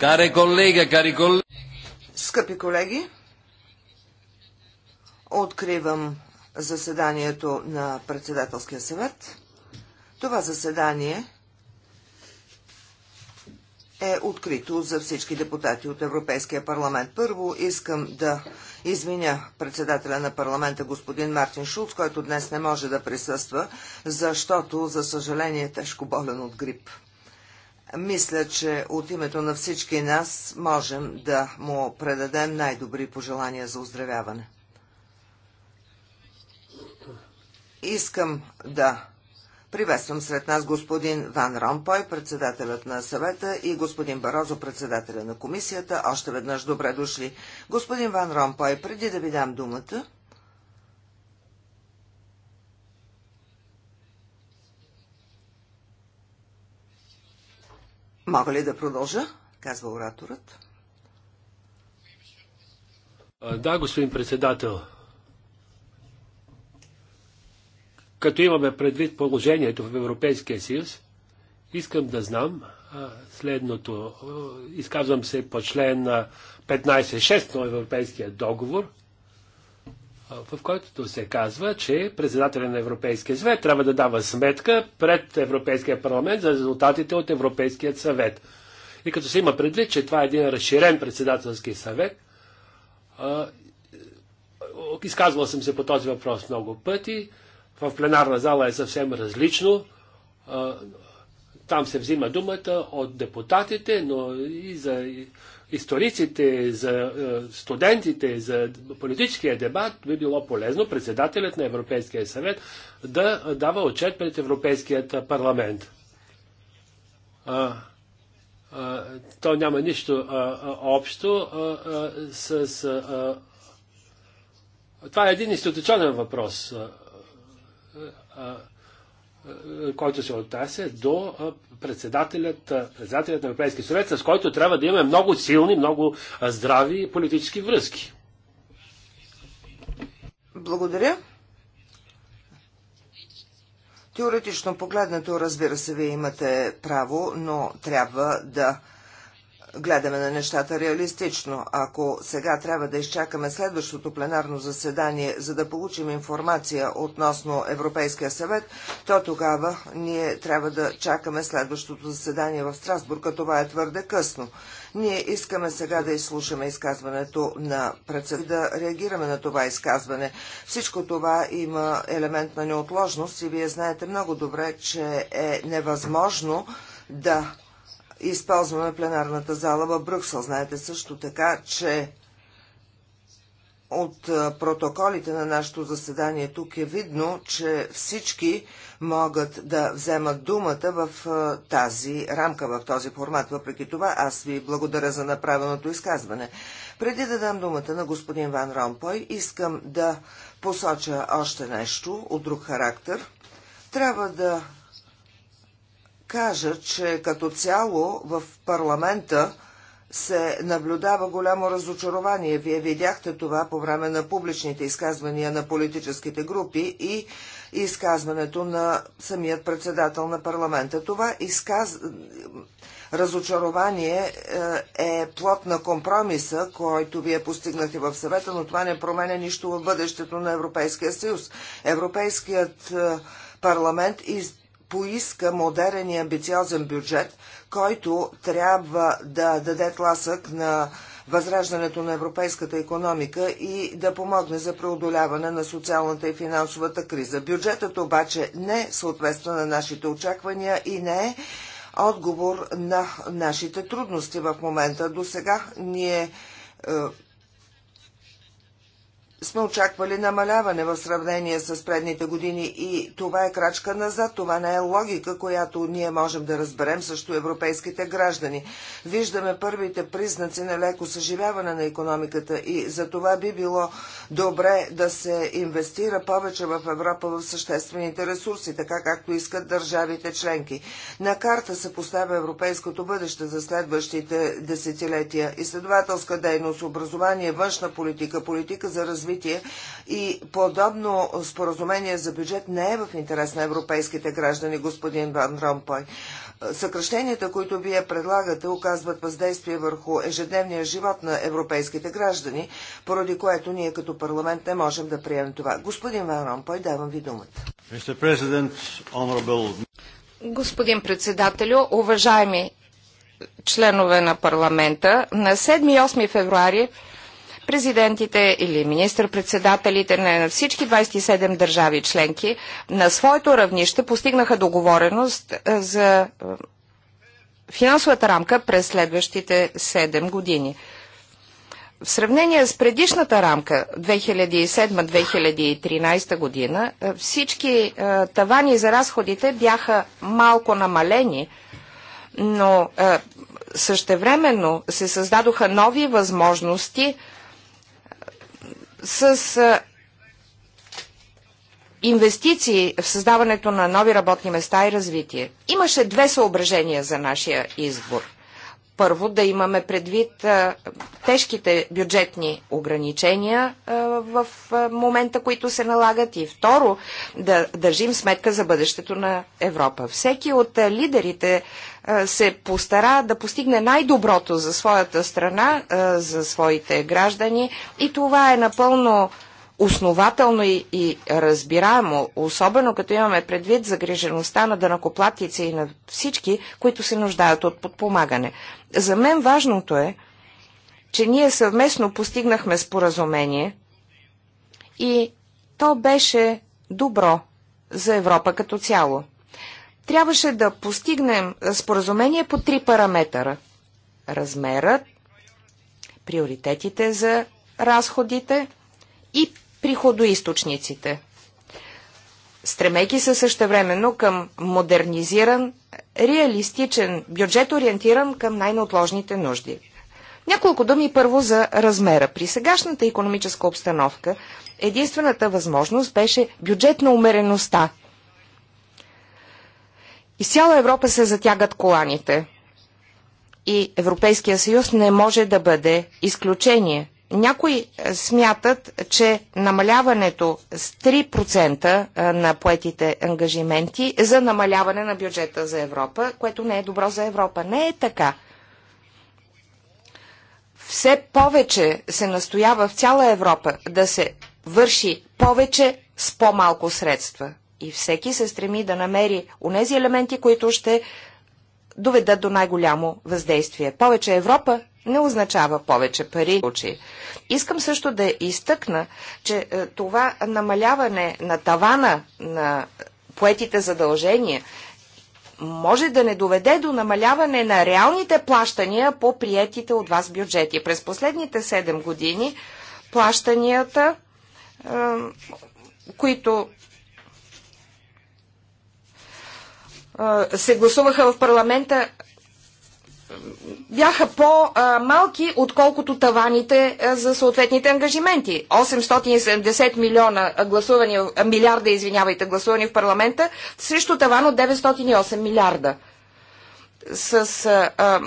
Care колега, кари колега. Скъпи колеги, откривам заседанието на председателския съвет. Това заседание е открито за всички депутати от Европейския парламент. Първо искам да извиня председателя на парламента господин Мартин Шулц, който днес не може да присъства, защото, за съжаление, е тежко болен от грип. Мисля, че от името на всички нас можем да му предадем най-добри пожелания за оздравяване. Искам да приветствам сред нас господин Ван Ромпой, председателят на съвета и господин Барозо, председателя на комисията. Още веднъж добре дошли. Господин Ван Ромпой, преди да ви дам думата, Мога ли да продължа? Казва ораторът. Да, господин председател. Като имаме предвид положението в Европейския съюз, искам да знам следното. Изказвам се по член 15.6 на Европейския договор в който се казва, че председателя на Европейския съвет трябва да дава сметка пред Европейския парламент за резултатите от Европейския съвет. И като се има предвид, че това е един разширен председателски съвет, е, изказвал съм се по този въпрос много пъти. В пленарна зала е съвсем различно. Там се взима думата от депутатите, но и за историците, за е, студентите, за политическия дебат би било полезно председателят на Европейския съвет да дава отчет пред Европейският парламент. А, а, то няма нищо а, общо с. Това е един институционен въпрос. Е, който се отнася до е, председателят, е, председателят на Европейския съвет, с който трябва да имаме много силни, много здрави политически връзки. Благодаря. Теоретично погледнато, разбира се, вие имате право, но трябва да гледаме на нещата реалистично. Ако сега трябва да изчакаме следващото пленарно заседание, за да получим информация относно Европейския съвет, то тогава ние трябва да чакаме следващото заседание в Страсбург, а това е твърде късно. Ние искаме сега да изслушаме изказването на председателя, да реагираме на това изказване. Всичко това има елемент на неотложност и вие знаете много добре, че е невъзможно да използваме пленарната зала в Брюксел. Знаете също така, че от протоколите на нашето заседание тук е видно, че всички могат да вземат думата в тази рамка, в този формат. Въпреки това, аз ви благодаря за направеното изказване. Преди да дам думата на господин Ван Ромпой, искам да посоча още нещо от друг характер. Трябва да кажа, че като цяло в парламента се наблюдава голямо разочарование. Вие видяхте това по време на публичните изказвания на политическите групи и изказването на самият председател на парламента. Това изказ... разочарование е, е плод на компромиса, който вие постигнахте в съвета, но това не променя нищо в бъдещето на Европейския съюз. Европейският е, парламент и поиска модерен и амбициозен бюджет, който трябва да даде тласък на възраждането на европейската економика и да помогне за преодоляване на социалната и финансовата криза. Бюджетът обаче не съответства на нашите очаквания и не е отговор на нашите трудности в момента. До сега ние е, сме очаквали намаляване в сравнение с предните години и това е крачка назад. Това не е логика, която ние можем да разберем също европейските граждани. Виждаме първите признаци на леко съживяване на економиката и за това би било добре да се инвестира повече в Европа в съществените ресурси, така както искат държавите членки. На карта се поставя европейското бъдеще за следващите десетилетия. Изследователска дейност, образование, външна политика, политика за развитие развитие и подобно споразумение за бюджет не е в интерес на европейските граждани, господин Ван Ромпой. Съкръщенията, които вие предлагате, оказват въздействие върху ежедневния живот на европейските граждани, поради което ние като парламент не можем да приемем това. Господин Ван Ромпой, давам ви думата. Господин председателю, уважаеми членове на парламента, на 7 и 8 февруари президентите или министр-председателите на всички 27 държави членки на своето равнище постигнаха договореност е, за е, финансовата рамка през следващите 7 години. В сравнение с предишната рамка 2007-2013 година е, всички тавани за разходите бяха малко намалени, но същевременно се създадоха нови възможности с инвестиции в създаването на нови работни места и развитие. Имаше две съображения за нашия избор – първо да имаме предвид тежките бюджетни ограничения в момента, които се налагат и второ да държим сметка за бъдещето на Европа. Всеки от лидерите се постара да постигне най-доброто за своята страна, за своите граждани и това е напълно основателно и, и разбираемо, особено като имаме предвид загрижеността на дънакоплатици и на всички, които се нуждаят от подпомагане. За мен важното е, че ние съвместно постигнахме споразумение и то беше добро за Европа като цяло. Трябваше да постигнем споразумение по три параметъра. Размерът, приоритетите за разходите и приходоисточниците, стремейки се същевременно към модернизиран, реалистичен бюджет, ориентиран към най-неотложните нужди. Няколко думи първо за размера. При сегашната економическа обстановка единствената възможност беше бюджет на умереността. Из цяла Европа се затягат коланите и Европейския съюз не може да бъде изключение – някои е, смятат, че намаляването с 3% е, на поетите ангажименти за намаляване на бюджета за Европа, което не е добро за Европа. Не е така. Все повече се настоява в цяла Европа да се върши повече с по-малко средства. И всеки се стреми да намери унези елементи, които ще доведат до най-голямо въздействие. Повече Европа не означава повече пари. Искам също да изтъкна, че е, това намаляване на тавана на поетите задължения може да не доведе до намаляване на реалните плащания по приетите от вас бюджети. През последните 7 години плащанията, е, които е, се гласуваха в парламента, бяха по-малки, отколкото таваните за съответните ангажименти. 870 милиона гласувани, милиарда, извинявайте, гласувани в парламента, срещу таван от 908 милиарда. С а, а,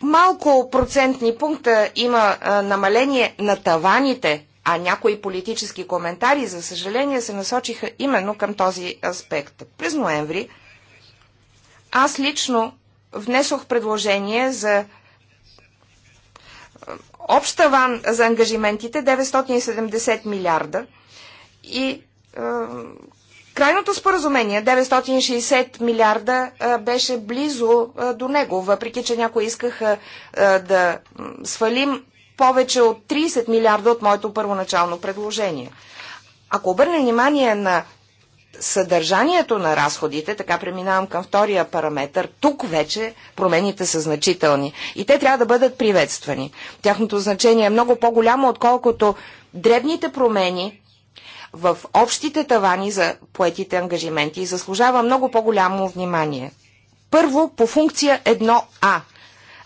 малко процентни пункта има а, намаление на таваните, а някои политически коментари, за съжаление, се насочиха именно към този аспект. През ноември аз лично внесох предложение за е, общ ван за ангажиментите 970 милиарда и е, крайното споразумение 960 милиарда е, беше близо е, до него, въпреки че някои искаха е, да свалим повече от 30 милиарда от моето първоначално предложение. Ако обърнем внимание на съдържанието на разходите, така преминавам към втория параметр, тук вече промените са значителни и те трябва да бъдат приветствани. Тяхното значение е много по-голямо, отколкото дребните промени в общите тавани за поетите ангажименти и заслужава много по-голямо внимание. Първо, по функция 1А –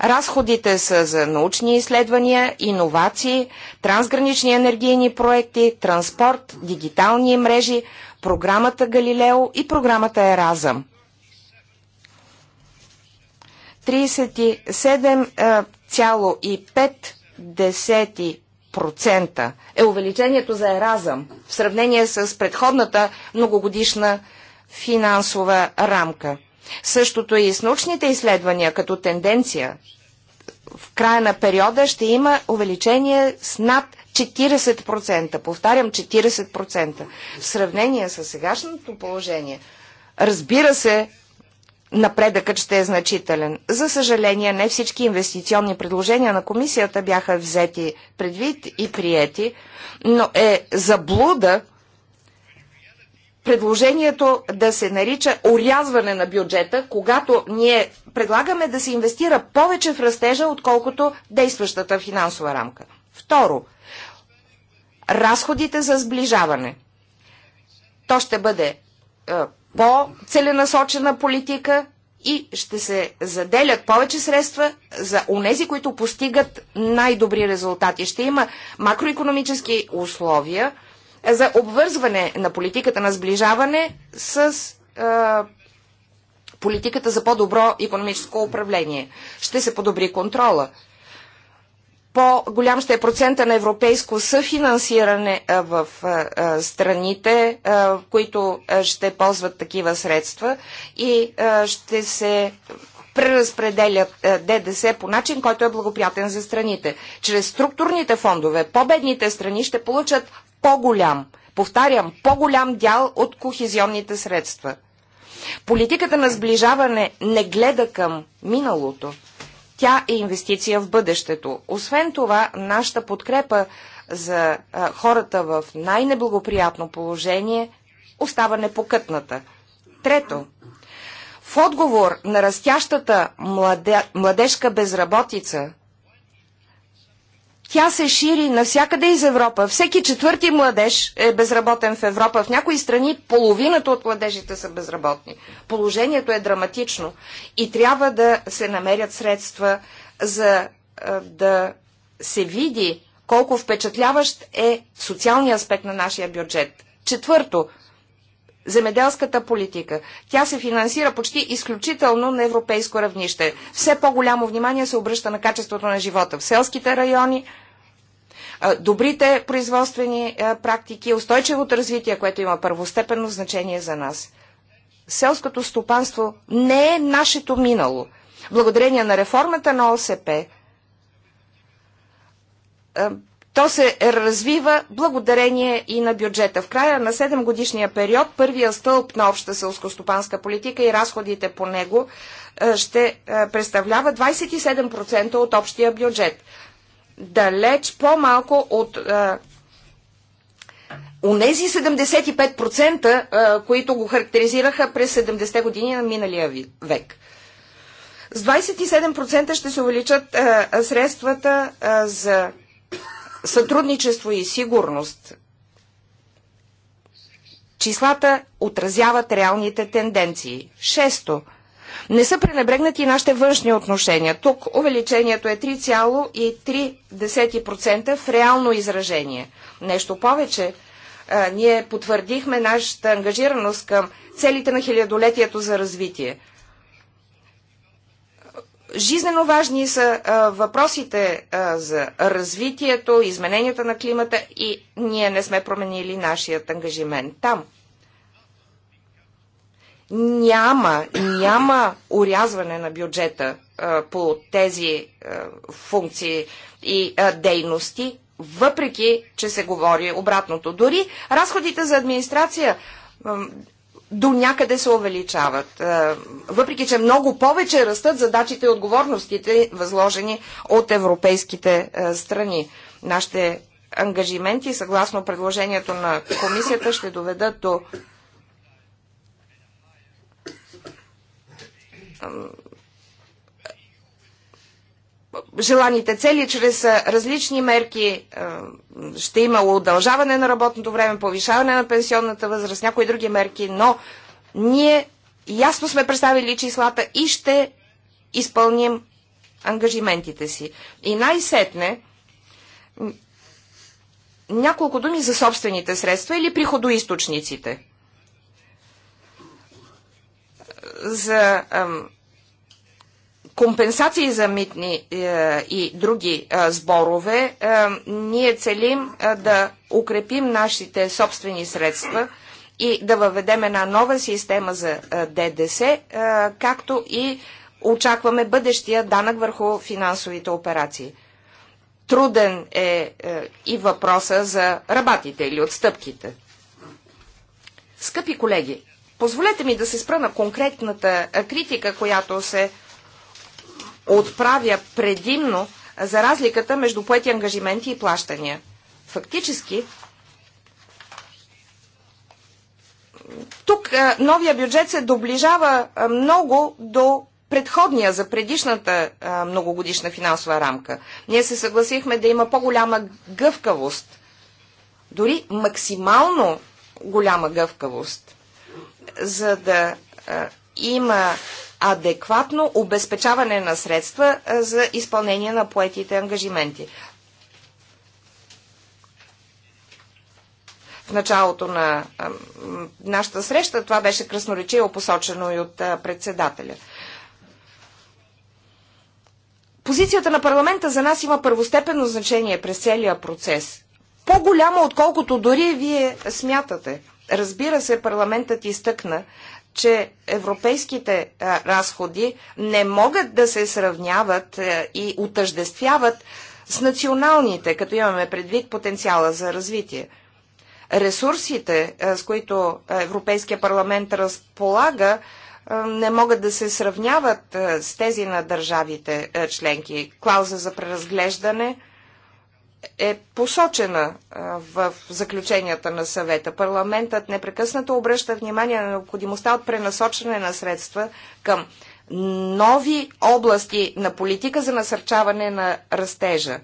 Разходите са за научни изследвания, иновации, трансгранични енергийни проекти, транспорт, дигитални мрежи, програмата Галилео и програмата Еразъм. 37,5% е увеличението за Еразъм в сравнение с предходната многогодишна финансова рамка. Същото е и с научните изследвания като тенденция. В края на периода ще има увеличение с над 40%. Повтарям, 40%. В сравнение с сегашното положение, разбира се, напредъкът ще е значителен. За съжаление, не всички инвестиционни предложения на комисията бяха взети предвид и приети, но е заблуда предложението да се нарича урязване на бюджета, когато ние предлагаме да се инвестира повече в растежа, отколкото действащата финансова рамка. Второ, разходите за сближаване. То ще бъде е, по-целенасочена политика и ще се заделят повече средства за онези, които постигат най-добри резултати. Ще има макроекономически условия, за обвързване на политиката на сближаване с а, политиката за по-добро економическо управление. Ще се подобри контрола. По-голям ще е процента на европейско съфинансиране в страните, които ще ползват такива средства и ще се преразпределя е, ДДС по начин, който е благоприятен за страните. Чрез структурните фондове по-бедните страни ще получат по-голям, повтарям, по-голям дял от кохезионните средства. Политиката на сближаване не гледа към миналото. Тя е инвестиция в бъдещето. Освен това, нашата подкрепа за а, е, хората в най-неблагоприятно положение остава непокътната. Трето, в отговор на растящата младе, младежка безработица, тя се шири навсякъде из Европа. Всеки четвърти младеж е безработен в Европа. В някои страни половината от младежите са безработни. Положението е драматично и трябва да се намерят средства за да се види колко впечатляващ е социалния аспект на нашия бюджет. Четвърто, земеделската политика. Тя се финансира почти изключително на европейско равнище. Все по-голямо внимание се обръща на качеството на живота в селските райони, добрите производствени практики, устойчивото развитие, което има първостепенно значение за нас. Селското стопанство не е нашето минало. Благодарение на реформата на ОСП то се развива благодарение и на бюджета. В края на 7 годишния период първия стълб на обща селскостопанска политика и разходите по него е, ще е, представлява 27% от общия бюджет. Далеч по-малко от Унези е, 75%, които го характеризираха през 70-те години на миналия век. С 27% ще се увеличат средствата за сътрудничество и сигурност. Числата отразяват реалните тенденции. Шесто. Не са пренебрегнати нашите външни отношения. Тук увеличението е 3,3% в реално изражение. Нещо повече, а, ние потвърдихме нашата ангажираност към целите на хилядолетието за развитие – Жизнено важни са а, въпросите а, за развитието, измененията на климата и ние не сме променили нашият ангажимент там. Няма, няма урязване на бюджета а, по тези а, функции и а, дейности, въпреки че се говори обратното. Дори разходите за администрация до някъде се увеличават. Е, въпреки, че много повече растат задачите и отговорностите, възложени от европейските е, страни. Нашите ангажименти, съгласно предложението на комисията, ще доведат до желаните цели чрез различни мерки. Ще има удължаване на работното време, повишаване на пенсионната възраст, някои други мерки, но ние ясно сме представили числата и ще изпълним ангажиментите си. И най-сетне няколко думи за собствените средства или приходоисточниците. За ам, компенсации за митни е, и други е, сборове, е, ние целим да укрепим нашите собствени средства и да въведем една нова система за ДДС, както и очакваме бъдещия данък върху финансовите операции. Труден е и въпроса за работите или отстъпките. Скъпи колеги, позволете ми да се спра на конкретната критика, която се отправя предимно за разликата между поети ангажименти и плащания. Фактически, тук новия бюджет се доближава много до предходния за предишната многогодишна финансова рамка. Ние се съгласихме да има по-голяма гъвкавост, дори максимално голяма гъвкавост, за да има адекватно обезпечаване на средства за изпълнение на поетите ангажименти. В началото на нашата среща това беше красноречиво посочено и от председателя. Позицията на парламента за нас има първостепенно значение през целия процес. По-голяма, отколкото дори вие смятате. Разбира се, парламентът изтъкна, че европейските разходи не могат да се сравняват и отъждествяват с националните, като имаме предвид потенциала за развитие. Ресурсите, с които Европейския парламент разполага, не могат да се сравняват с тези на държавите членки. Клауза за преразглеждане – е посочена в заключенията на съвета. Парламентът непрекъснато обръща внимание на необходимостта от пренасочване на средства към нови области на политика за насърчаване на растежа.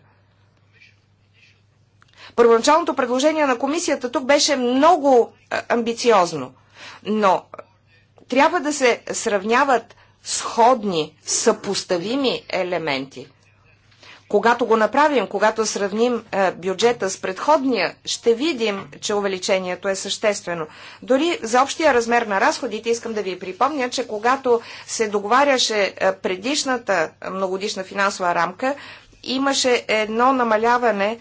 Първоначалното предложение на комисията тук беше много амбициозно, но трябва да се сравняват сходни, съпоставими елементи – когато го направим, когато сравним е, бюджета с предходния, ще видим, че увеличението е съществено. Дори за общия размер на разходите искам да ви припомня, че когато се договаряше е, предишната е, многодишна финансова рамка, имаше едно намаляване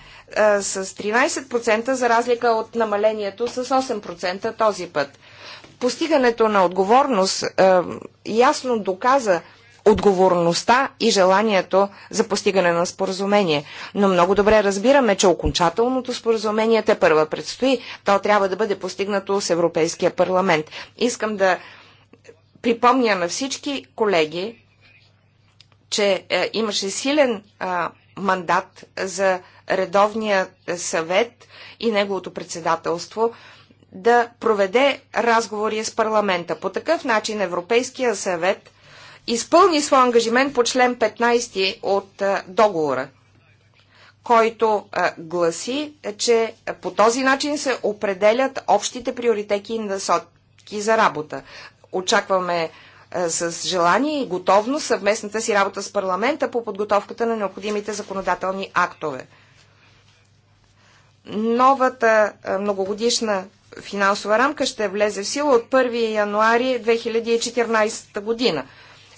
с 13% за разлика от намалението с 8% този път. Постигането на отговорност ясно доказа, отговорността и желанието за постигане на споразумение. Но много добре разбираме, че окончателното споразумение те първа предстои. То трябва да бъде постигнато с Европейския парламент. Искам да припомня на всички колеги, че е, имаше силен е, мандат за редовния съвет и неговото председателство да проведе разговори с парламента. По такъв начин Европейския съвет – изпълни своя ангажимент по член 15 от договора, който гласи, че по този начин се определят общите приоритети и насоки за работа. Очакваме с желание и готовност съвместната си работа с парламента по подготовката на необходимите законодателни актове. Новата многогодишна финансова рамка ще влезе в сила от 1 януари 2014 година.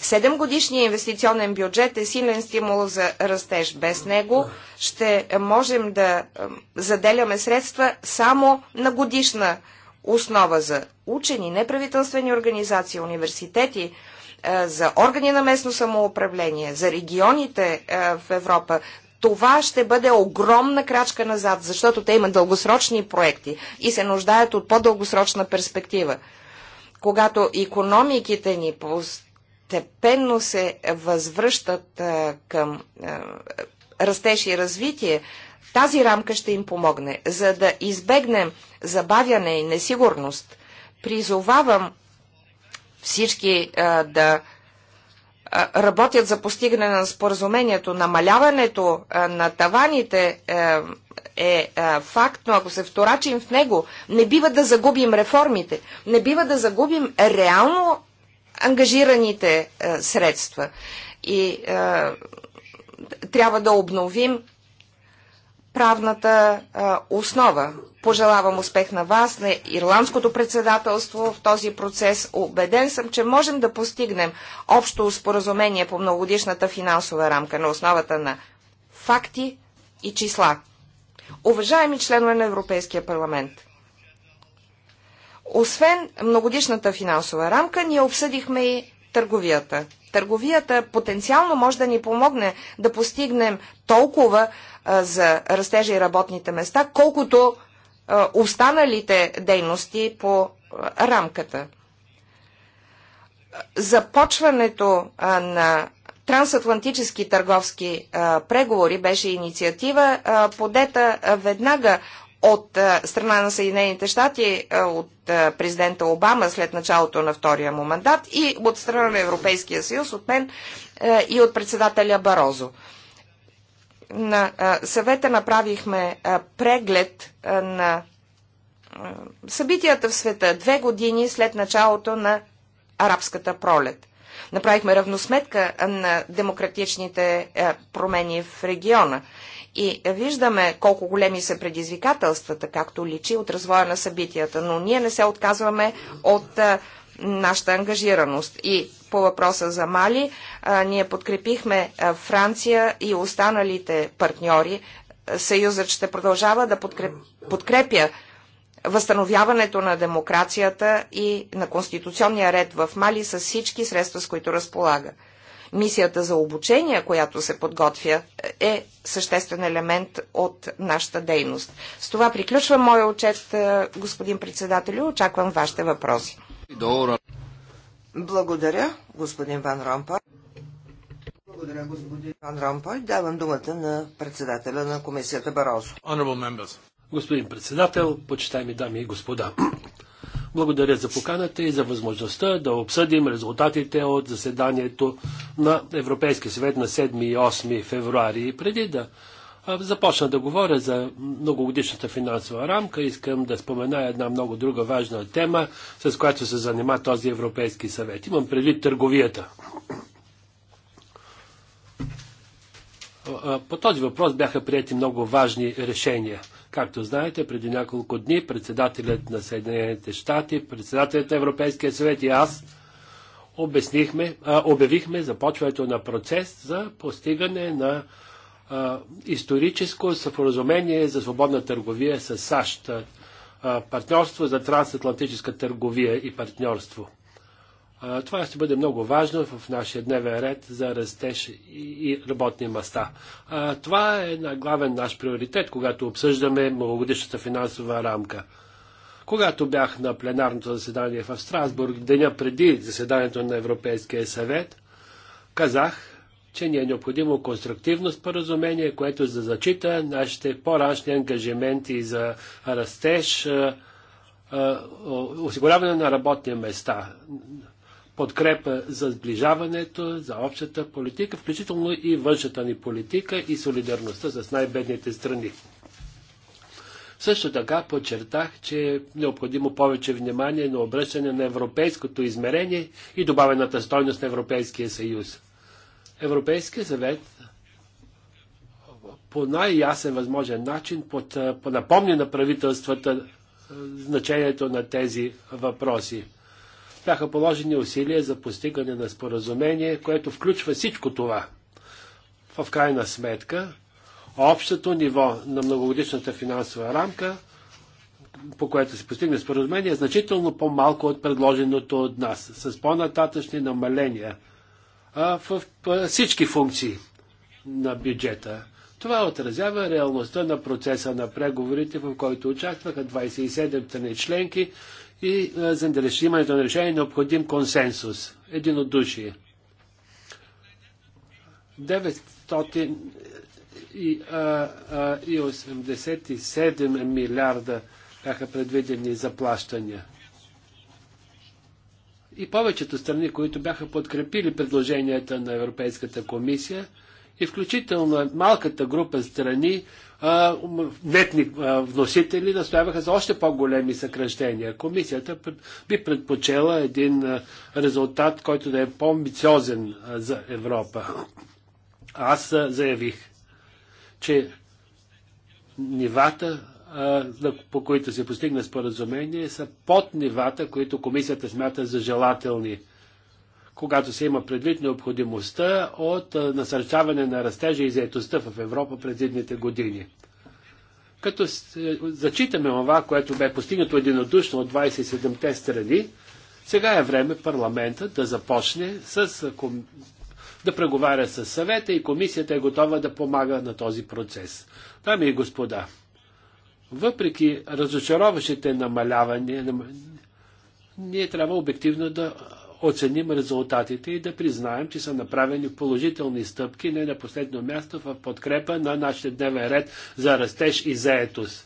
Седемгодишният годишния инвестиционен бюджет е силен стимул за растеж. Без него ще можем да заделяме средства само на годишна основа за учени, неправителствени организации, университети, за органи на местно самоуправление, за регионите в Европа. Това ще бъде огромна крачка назад, защото те имат дългосрочни проекти и се нуждаят от по-дългосрочна перспектива. Когато економиките ни пост постепенно се възвръщат към растеж и развитие, тази рамка ще им помогне. За да избегнем забавяне и несигурност, призовавам всички а, да а, работят за постигане на споразумението. Намаляването а, на таваните а, е а, факт, но ако се вторачим в него, не бива да загубим реформите, не бива да загубим реално ангажираните а, е, средства. И а, е, трябва да обновим правната а, е, основа. Пожелавам успех на вас, на ирландското председателство в този процес. Обеден съм, че можем да постигнем общо споразумение по многодишната финансова рамка на основата на факти и числа. Уважаеми членове на Европейския парламент – освен многодишната финансова рамка, ние обсъдихме и търговията. Търговията потенциално може да ни помогне да постигнем толкова а, за растежа и работните места, колкото а, останалите дейности по а, рамката. Започването а, на трансатлантически търговски а, преговори беше инициатива, а, подета веднага от страна на Съединените щати, от президента Обама след началото на втория му мандат и от страна на Европейския съюз, от мен и от председателя Барозо. На съвета направихме преглед на събитията в света две години след началото на арабската пролет. Направихме равносметка на демократичните промени в региона. И виждаме колко големи са предизвикателствата, както личи от развоя на събитията, но ние не се отказваме от нашата ангажираност. И по въпроса за Мали, ние подкрепихме Франция и останалите партньори. Съюзът ще продължава да подкрепя възстановяването на демокрацията и на конституционния ред в Мали с всички средства, с които разполага. Мисията за обучение, която се подготвя, е съществен елемент от нашата дейност. С това приключвам моя отчет, е, господин председател, и очаквам вашите въпроси. Благодаря, господин Ван Ромпа. Благодаря, господин Ван Ромпа. Давам думата на председателя на комисията Барозо. Господин председател, почитаеми дами и господа, благодаря за поканата и за възможността да обсъдим резултатите от заседанието на Европейския съвет на 7 и 8 февруари. И преди да започна да говоря за многогодишната финансова рамка, искам да спомена една много друга важна тема, с която се занима този Европейски съвет. Имам предвид търговията. По този въпрос бяха прияти много важни решения – Както знаете, преди няколко дни председателят на Съединените щати, председателят на Европейския съвет и аз обяснихме, а, обявихме започването на процес за постигане на а, историческо съпоразумение за свободна търговия с САЩ. А, партньорство за трансатлантическа търговия и партньорство това ще бъде много важно в нашия дневен ред за растеж и работни места. това е на главен наш приоритет, когато обсъждаме многогодишната финансова рамка. Когато бях на пленарното заседание в Страсбург, деня преди заседанието на Европейския съвет, казах, че ни е необходимо конструктивно споразумение, което да зачита нашите по-рашни ангажименти за растеж, осигуряване на работни места подкрепа за сближаването, за общата политика, включително и външната ни политика и солидарността с най-бедните страни. Също така подчертах, че е необходимо повече внимание на обръщане на европейското измерение и добавената стойност на Европейския съюз. Европейския съвет по най-ясен възможен начин напомни на правителствата значението на тези въпроси бяха положени усилия за постигане на споразумение, което включва всичко това. В крайна сметка, общото ниво на многогодишната финансова рамка, по което се постигне споразумение, е значително по-малко от предложеното от нас, с по-нататъчни намаления а, в всички функции на бюджета. Това отразява реалността на процеса на преговорите, в който участваха 27 те членки и е, за да имането на решение е необходим консенсус, единодушие. 987 е, е, милиарда бяха предвидени за плащания. И повечето страни, които бяха подкрепили предложенията на Европейската комисия, и включително е малката група страни, нетни вносители настояваха за още по-големи съкръщения. Комисията би предпочела един резултат, който да е по-амбициозен за Европа. Аз заявих, че нивата, по които се постигна споразумение, са под нивата, които комисията смята за желателни когато се има предвид необходимостта от насърчаване на растежа и заетостта в Европа през едните години. Като е, зачитаме това, което бе постигнато единодушно от 27-те страни, сега е време парламента да започне с, да преговаря с съвета и комисията е готова да помага на този процес. Дами и господа, въпреки разочароващите намалявания, ние трябва обективно да оценим резултатите и да признаем, че са направени положителни стъпки, не на последно място в подкрепа на нашия дневен ред за растеж и заетост.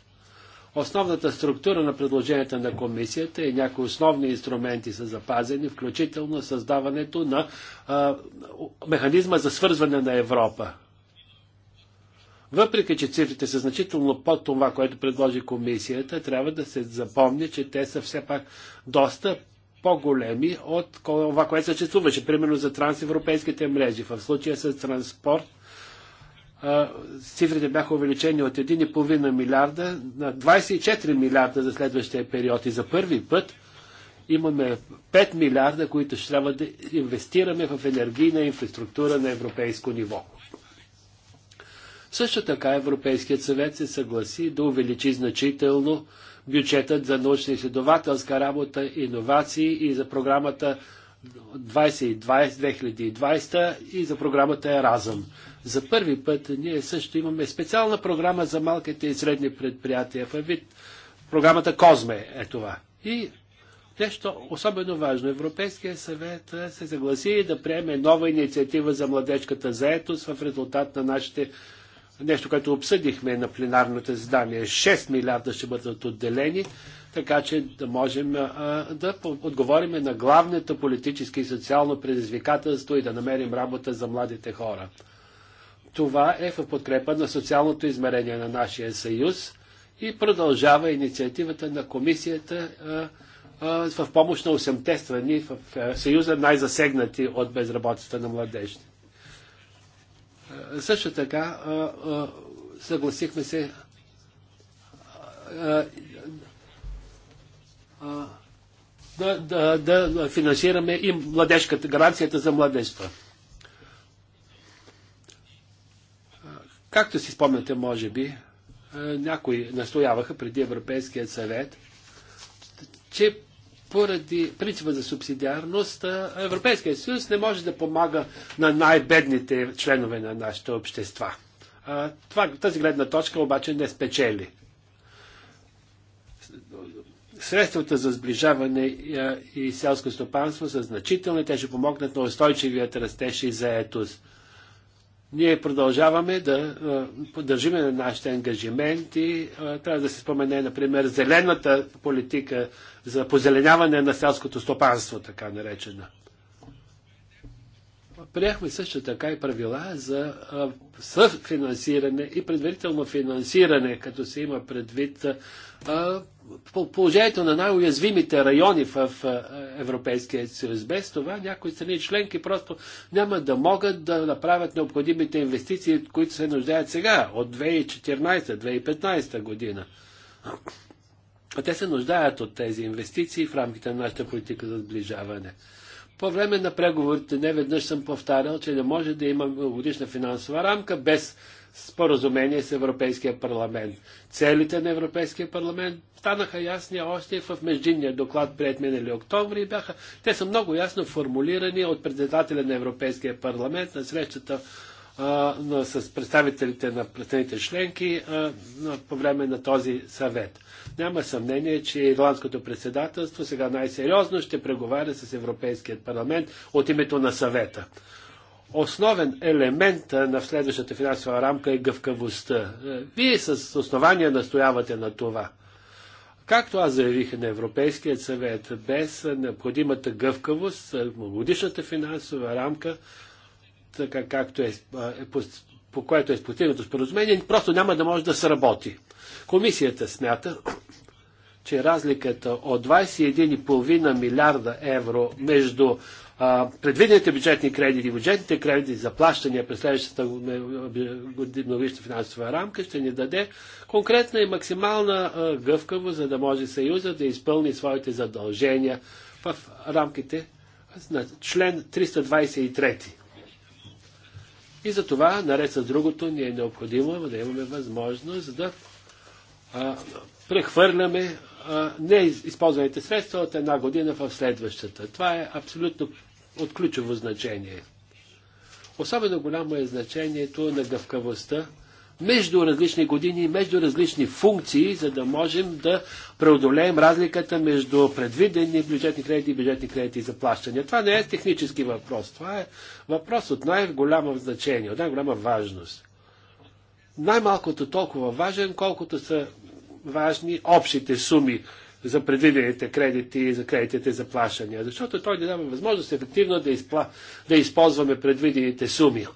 Основната структура на предложенията на комисията и някои основни инструменти са запазени, включително създаването на а, механизма за свързване на Европа. Въпреки, че цифрите са значително под това, което предложи комисията, трябва да се запомни, че те са все пак доста по-големи от това, което съществуваше. Примерно за трансевропейските мрежи. В случая с транспорт цифрите бяха увеличени от 1,5 милиарда на 24 милиарда за следващия период. И за първи път имаме 5 милиарда, които ще трябва да инвестираме в енергийна инфраструктура на европейско ниво. Също така Европейският съвет се съгласи да увеличи значително бюджетът за научно изследователска работа, иновации и за програмата 2020, 2020 и за програмата Еразъм. За първи път ние също имаме специална програма за малките и средни предприятия в вид. Програмата Козме е това. И нещо особено важно. Европейския съвет се съгласи да приеме нова инициатива за младежката заетост в резултат на нашите нещо, което обсъдихме на пленарното заседание. 6 милиарда ще бъдат отделени, така че да можем да отговориме на главното политическо и социално предизвикателство и да намерим работа за младите хора. Това е в подкрепа на социалното измерение на нашия съюз и продължава инициативата на комисията в помощ на 8 страни в Съюза най-засегнати от безработицата на младежите. Също така съгласихме се да, да, да финансираме и младежката, гаранцията за младежта. Както си спомняте, може би, някои настояваха преди Европейският съвет, че поради принципа за субсидиарност, Европейския съюз не може да помага на най-бедните членове на нашите общества. Това, тази гледна точка обаче не спечели. Средствата за сближаване и селско стопанство са значителни. Те ще помогнат на устойчивият растеж и заетост. Ние продължаваме да поддържиме нашите ангажименти. Трябва да се спомене, например, зелената политика за позеленяване на селското стопанство, така наречена. Приехме също така и правила за съфинансиране и предварително финансиране, като се има предвид положението на най-уязвимите райони в е, Европейския съюз. Без това някои страни членки просто няма да могат да направят необходимите инвестиции, които се нуждаят сега, от 2014-2015 година. А те се нуждаят от тези инвестиции в рамките на нашата политика за сближаване. По време на преговорите не веднъж съм повтарял, че не може да има годишна финансова рамка без споразумение с Европейския парламент. Целите на Европейския парламент станаха ясни още в междинния доклад пред минали октомври и бяха, те са много ясно формулирани от председателя на Европейския парламент на срещата а, на, с представителите на страните членки а, на, по време на този съвет. Няма съмнение, че Ирландското председателство сега най-сериозно ще преговаря с Европейският парламент от името на съвета основен елемент на следващата финансова рамка е гъвкавостта. Е, вие с основания настоявате на това. Както аз заявих на Европейският съвет, без необходимата гъвкавост, е, годишната финансова рамка, така както е, е по, по което е постигнато споразумение, просто няма да може да сработи. Комисията смята, че разликата от 21,5 милиарда евро между предвидените бюджетни кредити, бюджетните кредити за плащания през следващата годишна финансова рамка ще ни даде конкретна и максимална гъвкавост, за да може Съюза да изпълни своите задължения в рамките на член 323. И за това, наред с другото, ни е необходимо да имаме възможност да а, прехвърляме неизползваните средства от една година в следващата. Това е абсолютно от ключово значение. Особено голямо е значението на гъвкавостта между различни години, между различни функции, за да можем да преодолеем разликата между предвидени бюджетни кредити и бюджетни кредити за плащания. Това не е технически въпрос. Това е въпрос от най-голямо значение, от най-голяма важност. Най-малкото толкова важен, колкото са важни общите суми за предвидените кредити и за кредитите за плащания, защото той ни дава възможност ефективно да, изпла... да използваме предвидените суми.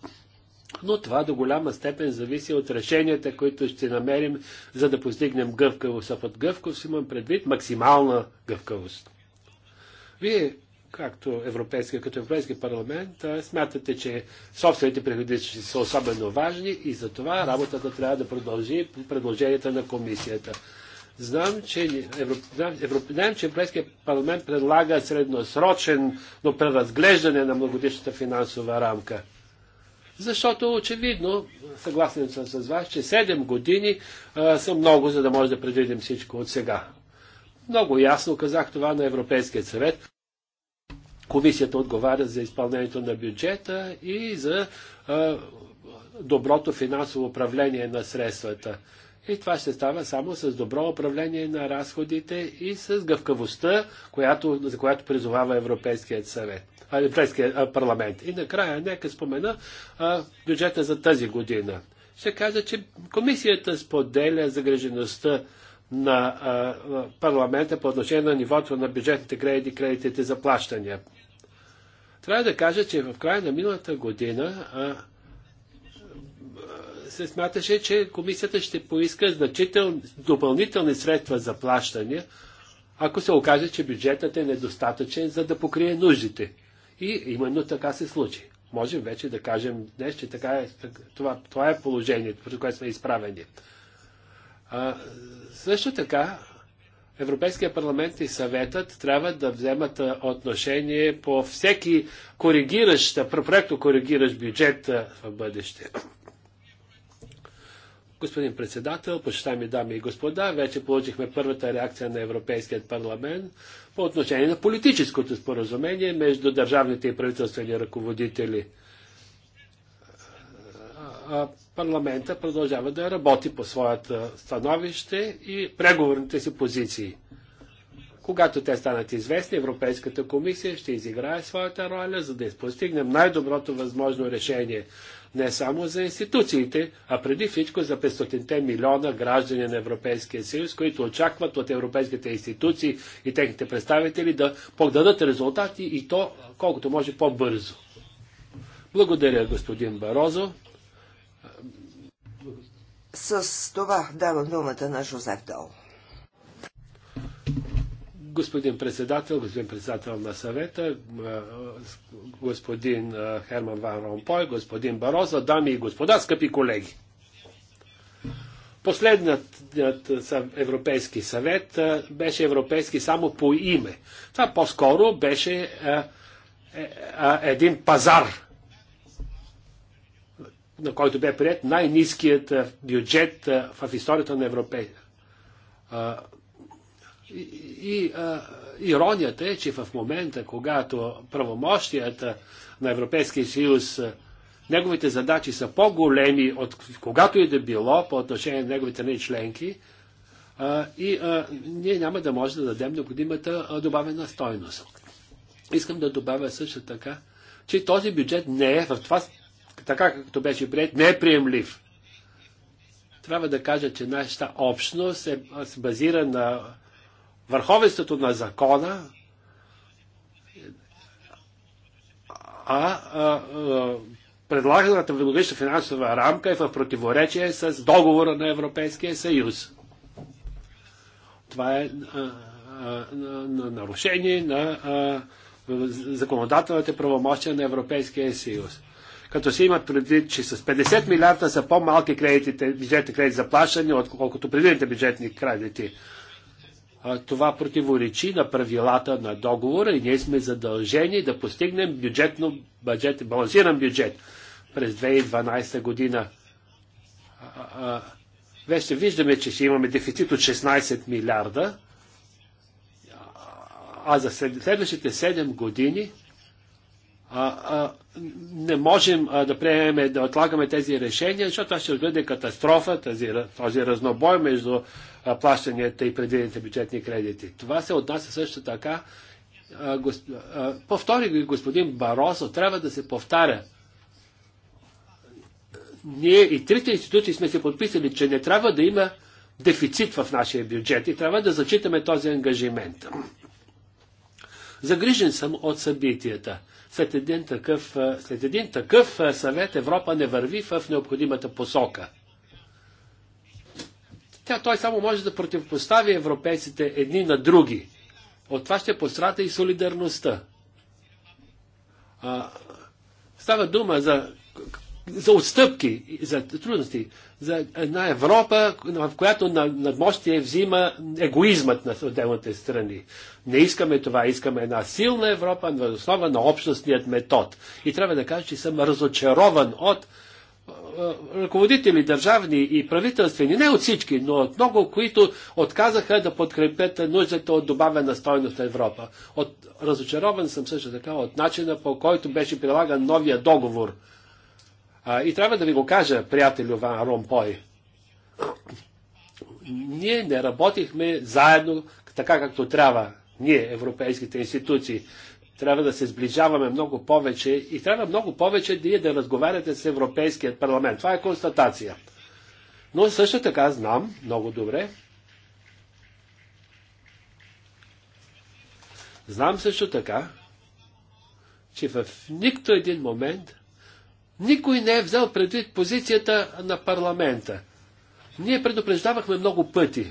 Но това до голяма степен зависи от решенията, които ще намерим, за да постигнем гъвкавост. А под гъвкавост имам предвид максимална гъвкавост. Вие както Европейския, като Европейски парламент, смятате, че собствените приходи са особено важни и за това работата трябва да продължи по предложенията на комисията. Знам, че, Европ... Знам, че Европейския парламент предлага средносрочен, но преразглеждане на многодишната финансова рамка. Защото очевидно, съгласен съм с вас, че 7 години а, са много, за да може да предвидим всичко от сега. Много ясно казах това на Европейския съвет. Комисията отговаря за изпълнението на бюджета и за доброто финансово управление на средствата. И това ще става само с добро управление на разходите и с гъвкавостта, която, за която призовава Европейският съвет. Европейският парламент. И накрая, нека спомена а, бюджета за тази година. Ще кажа, че комисията споделя загрежеността на а, парламента по отношение на нивото на бюджетните кредити, кредитите за плащания. Трябва да кажа, че в края на миналата година а, се смяташе, че комисията ще поиска значителни допълнителни средства за плащания, ако се окаже, че бюджетът е недостатъчен, за да покрие нуждите. И именно така се случи. Можем вече да кажем днес, че така е, това, това е положението, при което сме изправени. А, също така, Европейския парламент и съветът трябва да вземат отношение по всеки коригиращ, проекто коригиращ бюджет в бъдеще. Господин председател, почитаеми дами и господа, вече получихме първата реакция на Европейският парламент по отношение на политическото споразумение между държавните и правителствени ръководители – парламента продължава да работи по своята становище и преговорните си позиции. Когато те станат известни, Европейската комисия ще изиграе своята роля, за да постигнем най-доброто възможно решение не само за институциите, а преди всичко за 500 милиона граждани на Европейския съюз, които очакват от европейските институции и техните представители да подадат резултати и то колкото може по-бързо. Благодаря, господин Барозо. С това давам думата на Жозеф Дол. Господин председател, господин председател на съвета, господин Херман Ван Ромпой, господин Бароза, дами и господа, скъпи колеги. Последният Европейски съвет беше европейски само по име. Това по-скоро беше е, един пазар на който бе прият най-низкият бюджет в историята на Европейския. И, и а, иронията е, че в момента, когато правомощията на Европейския съюз, неговите задачи са по-големи от когато и да било по отношение на неговите не членки, а, и а, ние няма да можем да дадем необходимата добавена стойност. Искам да добавя също така, че този бюджет не е, в това така както беше прият, не е приемлив. Трябва да кажа, че нашата общност е базира на върховенството на закона, а, а, а предлаганата велогодишна финансова рамка е в противоречие с договора на Европейския съюз. Това е а, а, на нарушение на а, законодателните правомощия на Европейския съюз като се имат предвид, че с 50 милиарда са по-малки кредитите, бюджетни кредити плащане, отколкото предвидените бюджетни кредити. Това противоречи на правилата на договора и ние сме задължени да постигнем бюджетно, бюджет, балансиран бюджет през 2012 година. Вече виждаме, че ще имаме дефицит от 16 милиарда, а за следващите 7 години не можем да приемем, да отлагаме тези решения, защото това ще бъде катастрофа, тази, този разнобой между плащанията и предвидените бюджетни кредити. Това се отнася също така. Госп... Повтори го господин Баросо, трябва да се повтаря. Ние и трите институции сме се подписали, че не трябва да има дефицит в нашия бюджет и трябва да зачитаме този ангажимент. Загрижен съм от събитията. След един такъв, след един такъв съвет Европа не върви в необходимата посока. Тя, той само може да противопостави европейците едни на други. От това ще пострада и солидарността. А, става дума за за отстъпки, за трудности, за една Европа, в която надмощие взима егоизмът на отделните страни. Не искаме това, искаме една силна Европа, на основа на общностният метод. И трябва да кажа, че съм разочарован от ръководители, държавни и правителствени, не от всички, но от много, които отказаха да подкрепят нуждата от добавена стойност на Европа. От, разочарован съм също така от начина по който беше прилаган новия договор – а, и трябва да ви го кажа, приятелю Ван Ромпой. Ние не работихме заедно така както трябва. Ние, европейските институции, трябва да се сближаваме много повече и трябва много повече да, да разговаряте с Европейският парламент. Това е констатация. Но също така знам много добре, Знам също така, че в никто един момент никой не е взел предвид позицията на парламента. Ние предупреждавахме много пъти.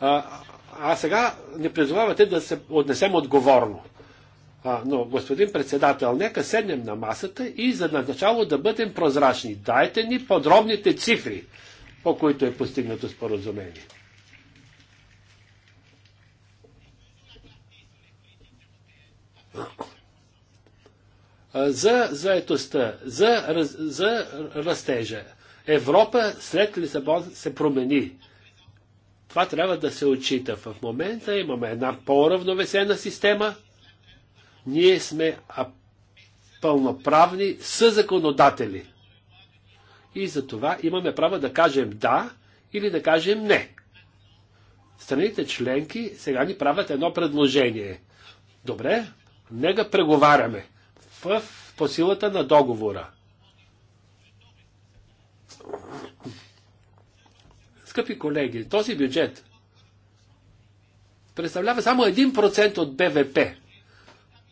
А, а сега не призовавате да се отнесем отговорно. А, но, господин председател, нека седнем на масата и за начало да бъдем прозрачни. Дайте ни подробните цифри, по които е постигнато споразумение. Oh за заетостта, за, за растежа. Европа след Лисабон се промени. Това трябва да се отчита. В момента имаме една по-равновесена система. Ние сме пълноправни съзаконодатели. И за това имаме право да кажем да или да кажем не. Страните членки сега ни правят едно предложение. Добре, нека преговаряме в, по силата на договора. Скъпи колеги, този бюджет представлява само 1% от БВП.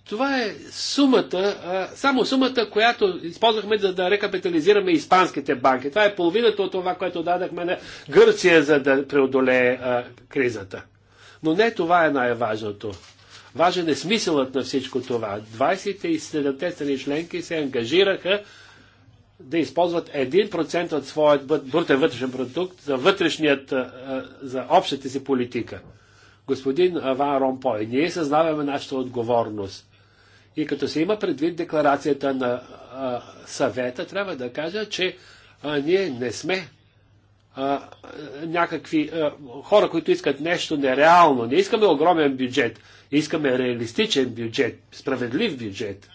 Това е сумата, само сумата, която използвахме за да рекапитализираме испанските банки. Това е половината от това, което дадахме на Гърция, за да преодолее а, кризата. Но не това е най-важното. Важен е смисълът на всичко това. 27-те страни членки се ангажираха да използват 1% от своят брутен вътрешен продукт за вътрешният, за общата си политика. Господин Ван Ромпой, ние съзнаваме нашата отговорност. И като се има предвид декларацията на а, съвета, трябва да кажа, че а, ние не сме а, някакви а, хора, които искат нещо нереално. Не искаме огромен бюджет, искаме реалистичен бюджет, справедлив бюджет.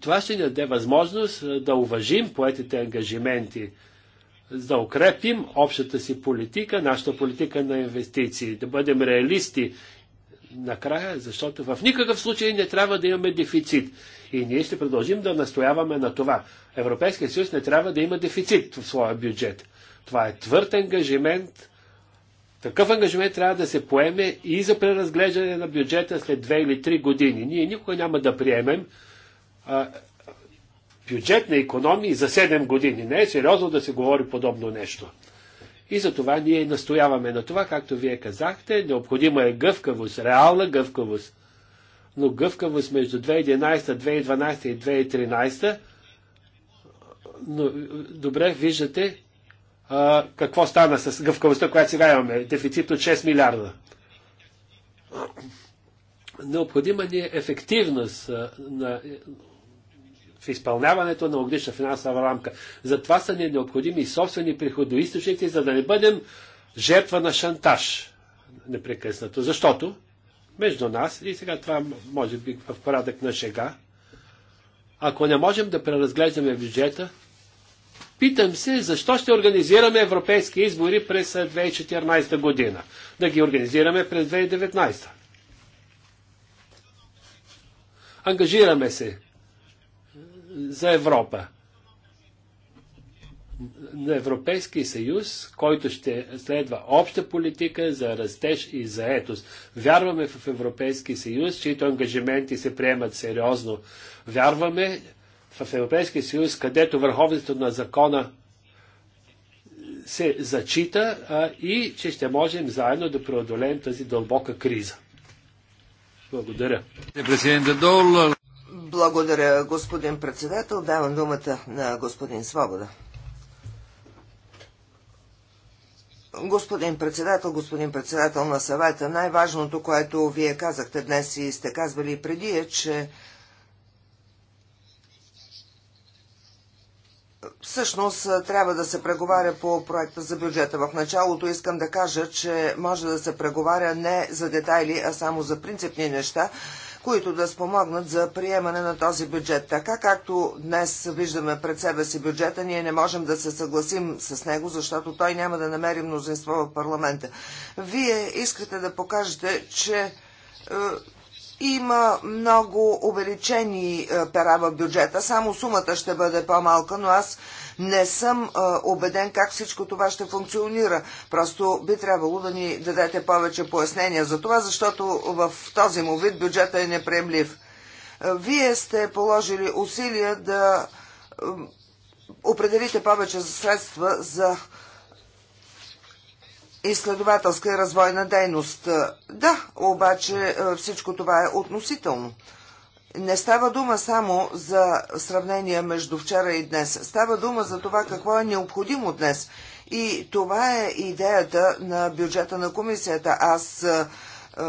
Това ще ни даде възможност да уважим поетите ангажименти, да укрепим общата си политика, нашата политика на инвестиции, да бъдем реалисти накрая, защото в никакъв случай не трябва да имаме дефицит. И ние ще продължим да настояваме на това. Европейския съюз не трябва да има дефицит в своя бюджет. Това е твърд ангажимент. Такъв ангажимент трябва да се поеме и за преразглеждане на бюджета след 2 или 3 години. Ние никога няма да приемем а, бюджет на економии за 7 години. Не е сериозно да се говори подобно нещо. И за това ние настояваме на това, както вие казахте, необходима е гъвкавост, реална гъвкавост но гъвкавост между 2011, 2012 и 2013. Но, добре, виждате а, какво стана с гъвкавостта, която сега имаме. Дефицит от 6 милиарда. Необходима ни е ефективност а, на, в изпълняването на логична финансова рамка. Затова са ни необходими собствени приходоисточници, за да не бъдем жертва на шантаж непрекъснато. Защото между нас и сега това може би в порядък на шега. Ако не можем да преразглеждаме бюджета, питам се защо ще организираме европейски избори през 2014 година. Да ги организираме през 2019. Ангажираме се за Европа на Европейския съюз, който ще следва обща политика за растеж и заетост. Вярваме в Европейския съюз, чието ангажименти се приемат сериозно. Вярваме в Европейския съюз, където върховенството на закона се зачита а, и че ще можем заедно да преодолеем тази дълбока криза. Благодаря. Благодаря, господин председател. Давам думата на господин Свобода. Господин председател, господин председател на съвета, най-важното, което вие казахте днес и сте казвали и преди е, че Всъщност трябва да се преговаря по проекта за бюджета. В началото искам да кажа, че може да се преговаря не за детайли, а само за принципни неща, които да спомогнат за приемане на този бюджет. Така както днес виждаме пред себе си бюджета, ние не можем да се съгласим с него, защото той няма да намери мнозинство в парламента. Вие искате да покажете, че е, има много увеличени е, пера в бюджета. Само сумата ще бъде по-малка, но аз не съм а, убеден как всичко това ще функционира. Просто би трябвало да ни дадете повече пояснения за това, защото в този му вид бюджета е неприемлив. Вие сте положили усилия да определите повече средства за изследователска и развойна дейност. Да, обаче всичко това е относително не става дума само за сравнение между вчера и днес. Става дума за това какво е необходимо днес. И това е идеята на бюджета на комисията. Аз е, е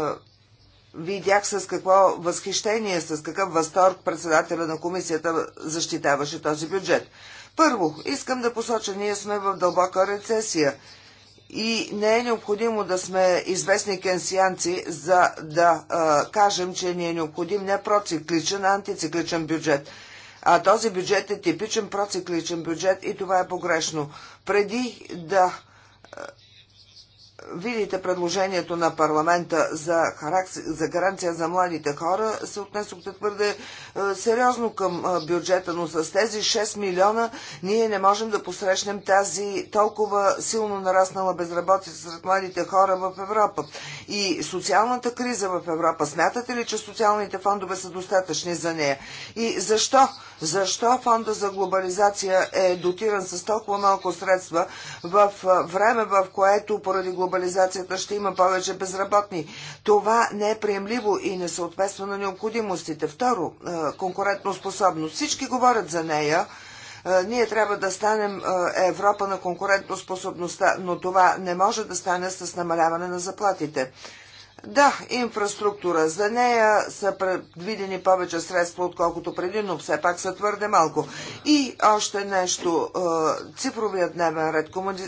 видях с какво възхищение, с какъв възторг председателя на комисията защитаваше този бюджет. Първо, искам да посоча, ние сме в дълбока рецесия и не е необходимо да сме известни кенсианци, за да а, кажем, че ни е необходим не процикличен, а антицикличен бюджет. А този бюджет е типичен процикличен бюджет и това е погрешно. Преди да видите предложението на парламента за, харакс... за гаранция за младите хора, се отнесохте твърде е, сериозно към е, бюджета, но с тези 6 милиона ние не можем да посрещнем тази толкова силно нараснала безработица сред младите хора в Европа. И социалната криза в Европа, смятате ли, че социалните фондове са достатъчни за нея? И защо защо фонда за глобализация е дотиран с толкова малко средства в време, в което поради глобализацията ще има повече безработни. Това не е приемливо и не съответства на необходимостите. Второ, конкурентно способност. Всички говорят за нея ние трябва да станем Европа на конкурентоспособността, но това не може да стане с намаляване на заплатите. Да, инфраструктура. За нея са предвидени повече средства, отколкото преди, но все пак са твърде малко. И още нещо. Е, цифровият дневен ред, комуни...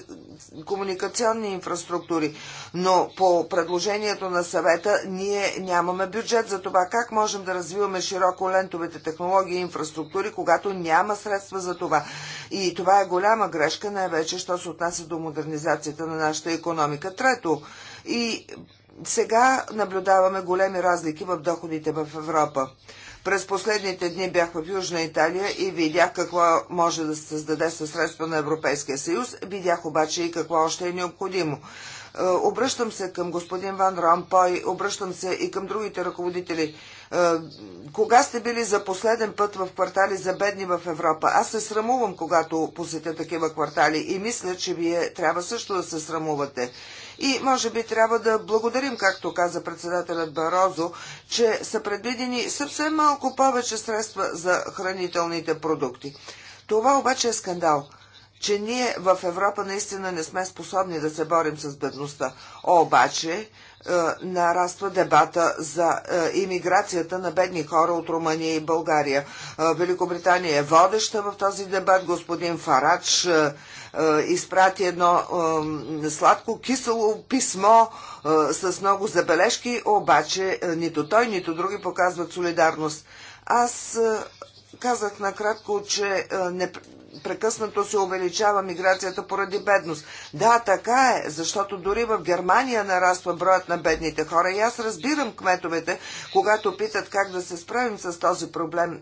комуникационни инфраструктури. Но по предложението на съвета ние нямаме бюджет за това как можем да развиваме широко лентовите технологии и инфраструктури, когато няма средства за това. И това е голяма грешка, най-вече, що се отнася до модернизацията на нашата економика. Трето, и сега наблюдаваме големи разлики в доходите в Европа. През последните дни бях в Южна Италия и видях какво може да се създаде със средства на Европейския съюз. Видях обаче и какво още е необходимо. Е, обръщам се към господин Ван Ромпой, обръщам се и към другите ръководители. Е, кога сте били за последен път в квартали за бедни в Европа? Аз се срамувам, когато посетя такива квартали и мисля, че вие трябва също да се срамувате. И може би трябва да благодарим, както каза председателят Барозо, че са предвидени съвсем малко повече средства за хранителните продукти. Това обаче е скандал че ние в Европа наистина не сме способни да се борим с бедността. Обаче, е, нараства дебата за е, имиграцията на бедни хора от Румъния и България. Е, Великобритания е водеща в този дебат. Господин Фарач изпрати едно сладко-кисело писмо с много забележки, обаче нито той, нито други показват солидарност. Аз казах накратко, че не, непрекъснато се увеличава миграцията поради бедност. Да, така е, защото дори в Германия нараства броят на бедните хора и аз разбирам кметовете, когато питат как да се справим с този проблем,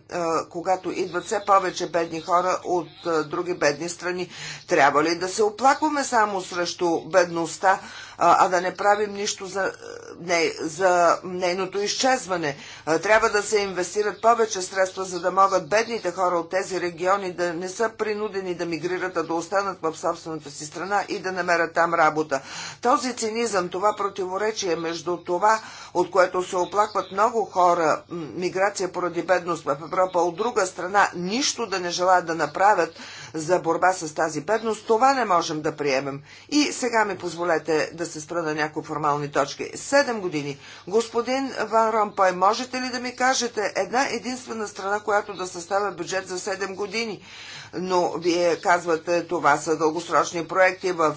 когато идват все повече бедни хора от други бедни страни. Трябва ли да се оплакваме само срещу бедността? а, а да не правим нищо за, не, за нейното изчезване. А, трябва да се инвестират повече средства, за да могат бедните хора от тези региони да не са принудени да мигрират, а да останат в собствената си страна и да намерят там работа. Този цинизъм, това противоречие между това, от което се оплакват много хора, миграция поради бедност в Европа, от друга страна, нищо да не желаят да направят, за борба с тази бедност, това не можем да приемем. И сега ми позволете да се спра на някои формални точки. Седем години. Господин Ван Ромпой, можете ли да ми кажете една единствена страна, която да съставя бюджет за седем години? но вие казвате, това са дългосрочни проекти в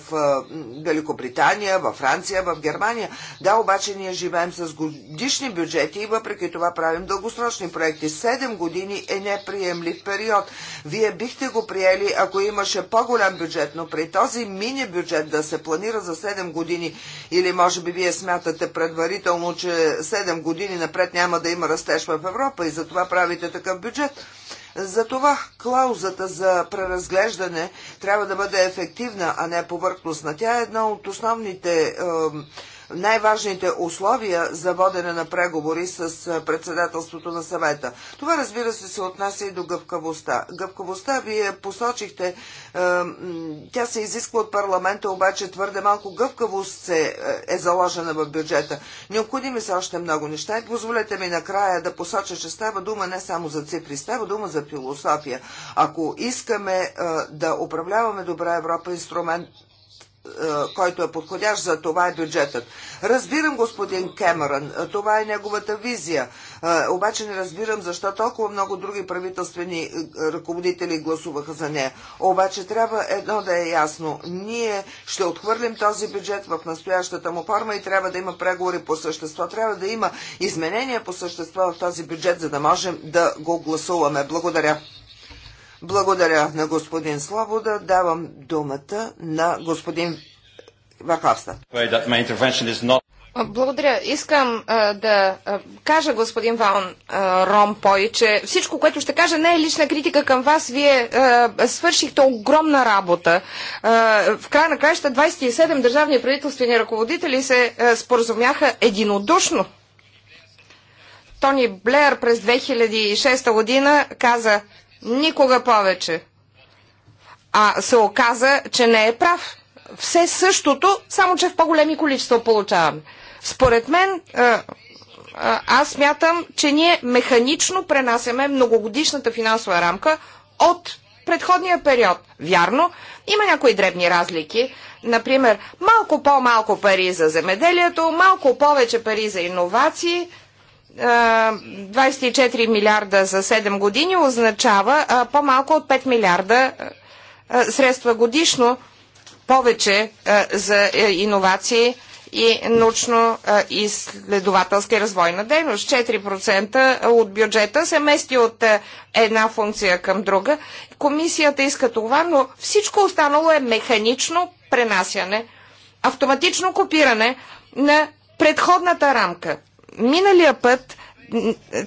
Великобритания, в Франция, в Германия. Да, обаче ние живеем с годишни бюджети и въпреки това правим дългосрочни проекти. Седем години е неприемлив период. Вие бихте го приели, ако имаше по-голям бюджет, но при този мини бюджет да се планира за 7 години или може би вие смятате предварително, че 7 години напред няма да има растеж в Европа и затова правите такъв бюджет. Затова клаузата за преразглеждане трябва да бъде ефективна, а не повърхностна. Тя е една от основните е, най-важните условия за водене на преговори с председателството на съвета. Това разбира се се отнася и до гъвкавостта. Гъвкавостта вие посочихте, тя се изисква от парламента, обаче твърде малко гъвкавост се е, е заложена в бюджета. Необходими са още много неща и позволете ми накрая да посоча, че става дума не само за цифри, става дума за философия. Ако искаме да управляваме добра Европа, инструмент е, който е подходящ за това е бюджетът. Разбирам господин Кемерън, е, това е неговата визия, е, обаче не разбирам защо толкова много други правителствени ръководители гласуваха за нея. Обаче трябва едно да е ясно. Ние ще отхвърлим този бюджет в настоящата му форма и трябва да има преговори по същество. Трябва да има изменения по същество в този бюджет, за да можем да го гласуваме. Благодаря. Благодаря на господин Слобода. Давам думата на господин Вахавста. Благодаря. Искам а, да а, кажа, господин Ван а, Ромпой, че всичко, което ще кажа, не е лична критика към вас. Вие а, свършихте огромна работа. А, в края на краища 27 държавни правителствени ръководители се а, споразумяха единодушно. Тони Блеер през 2006 година каза, Никога повече. А се оказа, че не е прав. Все същото, само че в по-големи количества получаваме. Според мен, аз мятам, че ние механично пренасяме многогодишната финансова рамка от предходния период. Вярно, има някои дребни разлики. Например, малко по-малко пари за земеделието, малко повече пари за иновации – 24 милиарда за 7 години означава по-малко от 5 милиарда средства годишно повече за е, иновации и научно-изследователска и развойна дейност. 4% от бюджета се мести от една функция към друга. Комисията иска това, но всичко останало е механично пренасяне, автоматично копиране на предходната рамка. Миналия път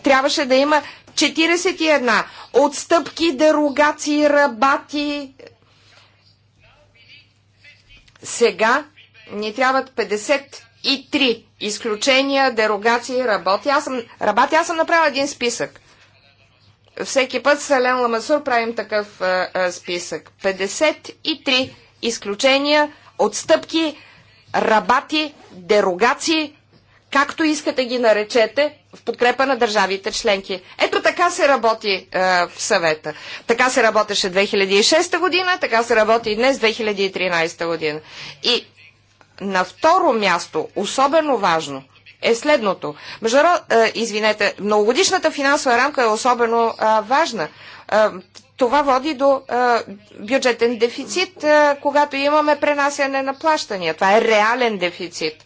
трябваше да има 41 отстъпки, дерогации, рабати. Сега ни трябват 53 изключения, дерогации, работи. Аз съм, работи, аз съм направил един списък. Всеки път с Елен Ламасур правим такъв а, а, списък. 53 изключения, отстъпки, рабати, дерогации, както искате ги наречете, в подкрепа на държавите членки. Ето така се работи е, в съвета. Така се работеше 2006 година, така се работи и днес 2013 година. И на второ място, особено важно, е следното. Международ, е, извинете, многогодишната финансова рамка е особено е, важна. Е, това води до е, бюджетен дефицит, е, когато имаме пренасяне на плащания. Това е реален дефицит.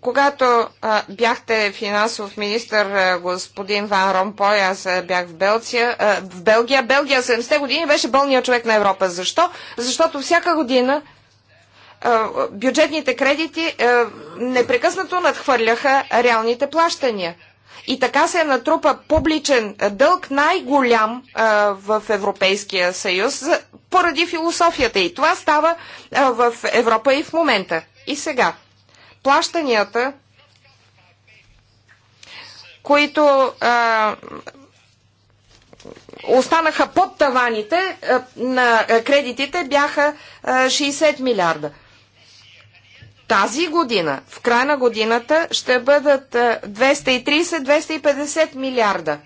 Когато а, бяхте финансов министр, господин Ван Ромпой, аз бях в, Белция, а, в Белгия. Белгия 70-те години беше болният човек на Европа. Защо? Защото всяка година а, бюджетните кредити а, непрекъснато надхвърляха реалните плащания. И така се натрупа публичен дълг, най-голям в Европейския съюз, за, поради философията. И това става а, в Европа и в момента. И сега плащанията, които а, останаха под таваните а, на кредитите, бяха а, 60 милиарда. Тази година, в края на годината, ще бъдат 230-250 милиарда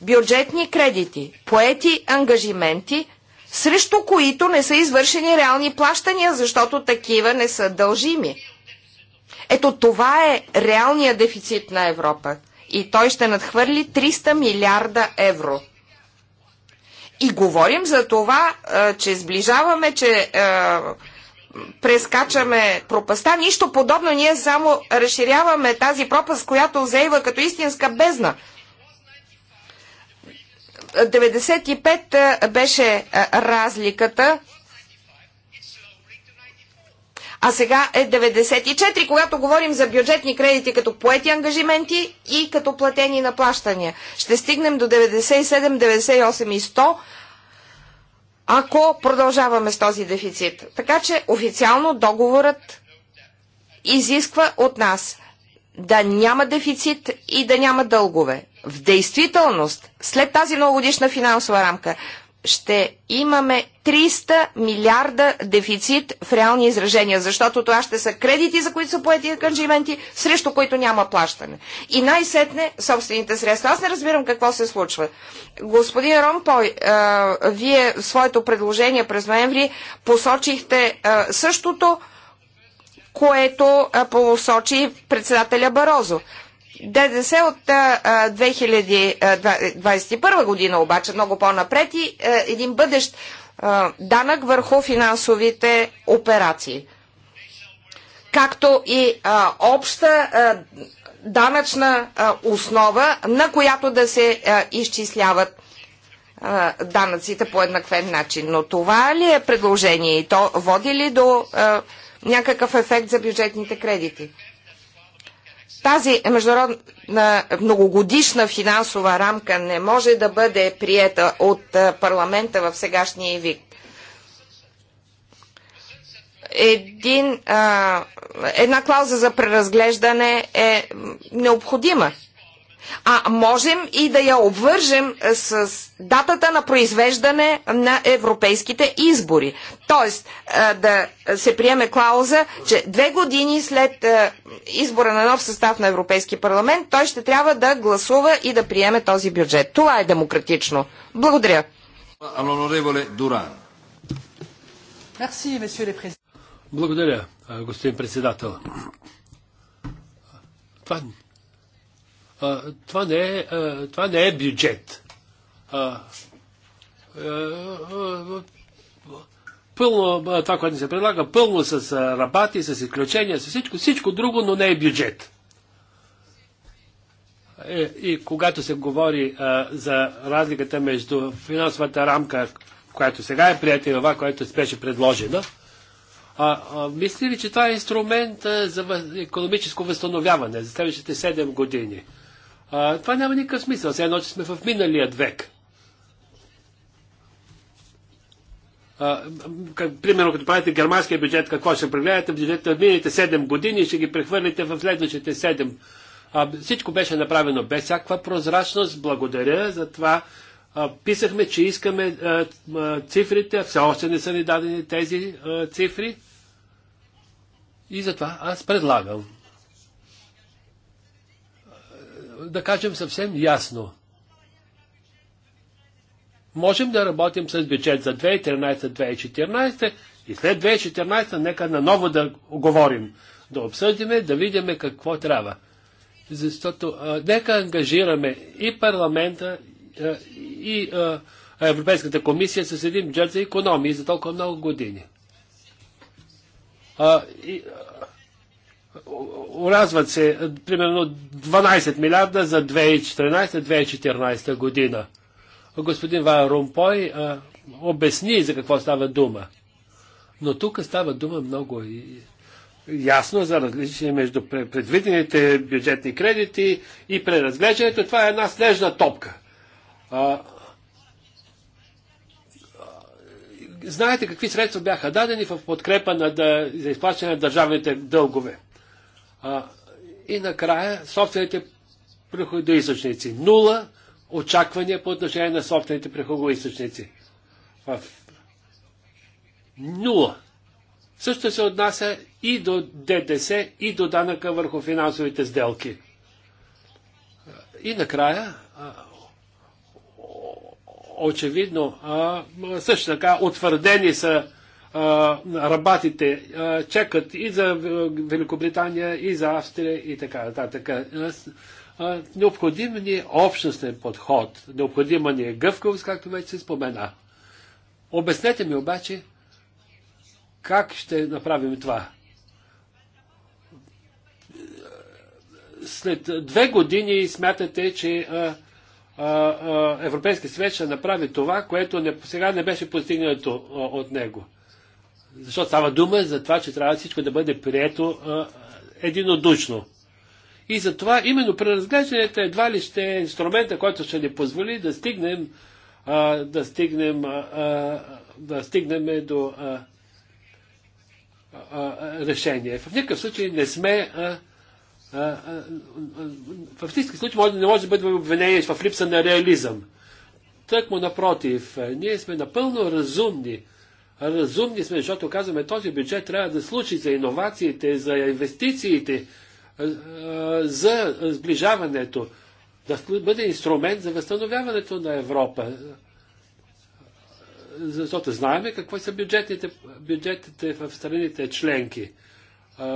бюджетни кредити, поети ангажименти, срещу които не са извършени реални плащания, защото такива не са дължими. Ето това е реалният дефицит на Европа. И той ще надхвърли 300 милиарда евро. И говорим за това, че сближаваме, че прескачаме пропаста. Нищо подобно, ние само разширяваме тази пропаст, която заева като истинска бездна. 95 беше разликата а сега е 94, когато говорим за бюджетни кредити като поети ангажименти и като платени на плащания. Ще стигнем до 97, 98 и 100, ако продължаваме с този дефицит. Така че официално договорът изисква от нас да няма дефицит и да няма дългове. В действителност, след тази многогодишна финансова рамка, ще имаме 300 милиарда дефицит в реални изражения, защото това ще са кредити, за които са поети ангажименти, срещу които няма плащане. И най-сетне собствените средства. Аз не разбирам какво се случва. Господин Ромпой, вие в своето предложение през ноември посочихте същото, което посочи председателя Барозо. ДДС от 2021 година обаче, много по-напред и един бъдещ данък върху финансовите операции. Както и обща данъчна основа, на която да се изчисляват данъците по еднаквен начин. Но това ли е предложение и то води ли до някакъв ефект за бюджетните кредити? Тази международна многогодишна финансова рамка не може да бъде приета от парламента в сегашния вид. Един, а, една клауза за преразглеждане е необходима а можем и да я обвържем е, с датата на произвеждане на европейските избори. Тоест е, да се приеме клауза, че две години след е, избора на нов състав на Европейски парламент, той ще трябва да гласува и да приеме този бюджет. Това е демократично. Благодаря. Благодаря, господин председател. Това това не е, това не е бюджет. Пълно, това, което ни се предлага, пълно с рабати, с изключения, с всичко, всичко друго, но не е бюджет. Е, и когато се говори а, за разликата между финансовата рамка, която сега е прията и това, което беше предложена, а, а, мисли ли, че това е инструмент а, за економическо възстановяване за следващите 7 години? А, това няма никакъв смисъл. Сега едно, че сме в миналият век. А, как, примерно, като правите германския бюджет, какво ще прегледате? Бюджетът от миналите 7 години и ще ги прехвърлите в следващите 7. А, всичко беше направено без всякаква прозрачност. Благодаря за това. А, писахме, че искаме а, а, цифрите. Все още не са ни дадени тези а, цифри. И затова аз предлагам да кажем съвсем ясно. Можем да работим с бюджет за 2013-2014 и след 2014 нека наново да говорим, да обсъдиме, да видим какво трябва. Защото а, нека ангажираме и парламента, а, и а, Европейската комисия с един бюджет за економии за толкова много години. А, и, а, Урязват се е, примерно 12 милиарда за 2014-2014 година. Господин Ван Румпой а, е, обясни за какво става дума. Но тук става дума много ясно за различие между предвидените бюджетни кредити и преразглеждането. Това е една слежна топка. А, знаете какви средства бяха дадени в подкрепа на, да, за изплащане на държавните дългове. А, и накрая собствените приходоисточници. Нула очаквания по отношение на собствените приходоисточници. В... Нула. Също се отнася и до ДДС, и до данъка върху финансовите сделки. И накрая, очевидно, също така утвърдени са рабатите чекат и за Великобритания, и за Австрия и така нататък. Необходим ни е общностен подход, необходима ни е гъвкавост, както вече се спомена. Обяснете ми обаче как ще направим това. След две години смятате, че Европейски съвет ще направи това, което сега не беше постигнато от него. Защото става дума за това, че трябва всичко да бъде прието а, единодушно. И за това именно преразглеждането едва ли ще е инструмента, който ще ни позволи да стигнем, а, да стигнем, а, да стигнем до а, а, решение. В никакъв случай не сме. А, в всички случаи може, не може да бъде обвинение в липса на реализъм. Тъкмо напротив, ние сме напълно разумни разумни сме, защото казваме, този бюджет трябва да случи за иновациите, за инвестициите, за сближаването, да бъде инструмент за възстановяването на Европа. Защото знаеме какво са бюджетните, бюджетите в страните членки.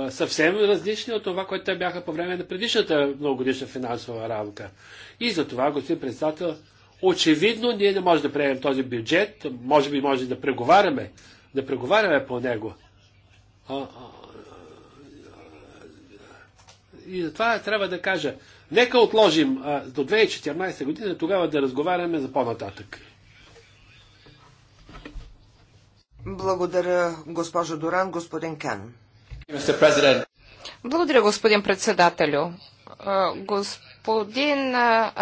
Съвсем различни от това, което те бяха по време на предишната многогодишна финансова рамка. И за това, господин председател, Очевидно ние не можем да приемем този бюджет, може би може да преговаряме, да преговаряме по него. И затова трябва да кажа, нека отложим до 2014 година, тогава да разговаряме за по-нататък. Благодаря, госпожо Доран, господин Кан. Благодаря, господин председателю. Госп господин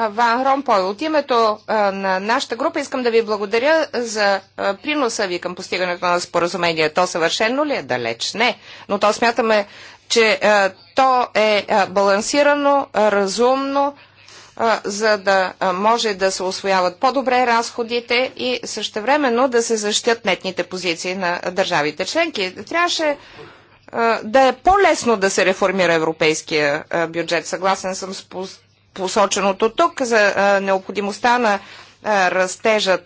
Ван Ромпой, от името на нашата група искам да ви благодаря за приноса ви към постигането на споразумение. То съвършено ли е? Далеч не. Но то смятаме, че то е балансирано, разумно, за да може да се освояват по-добре разходите и същевременно да се защитят нетните позиции на държавите членки. Трябваше да е по-лесно да се реформира европейския бюджет. Съгласен съм с посоченото тук за а, необходимостта на а, растежът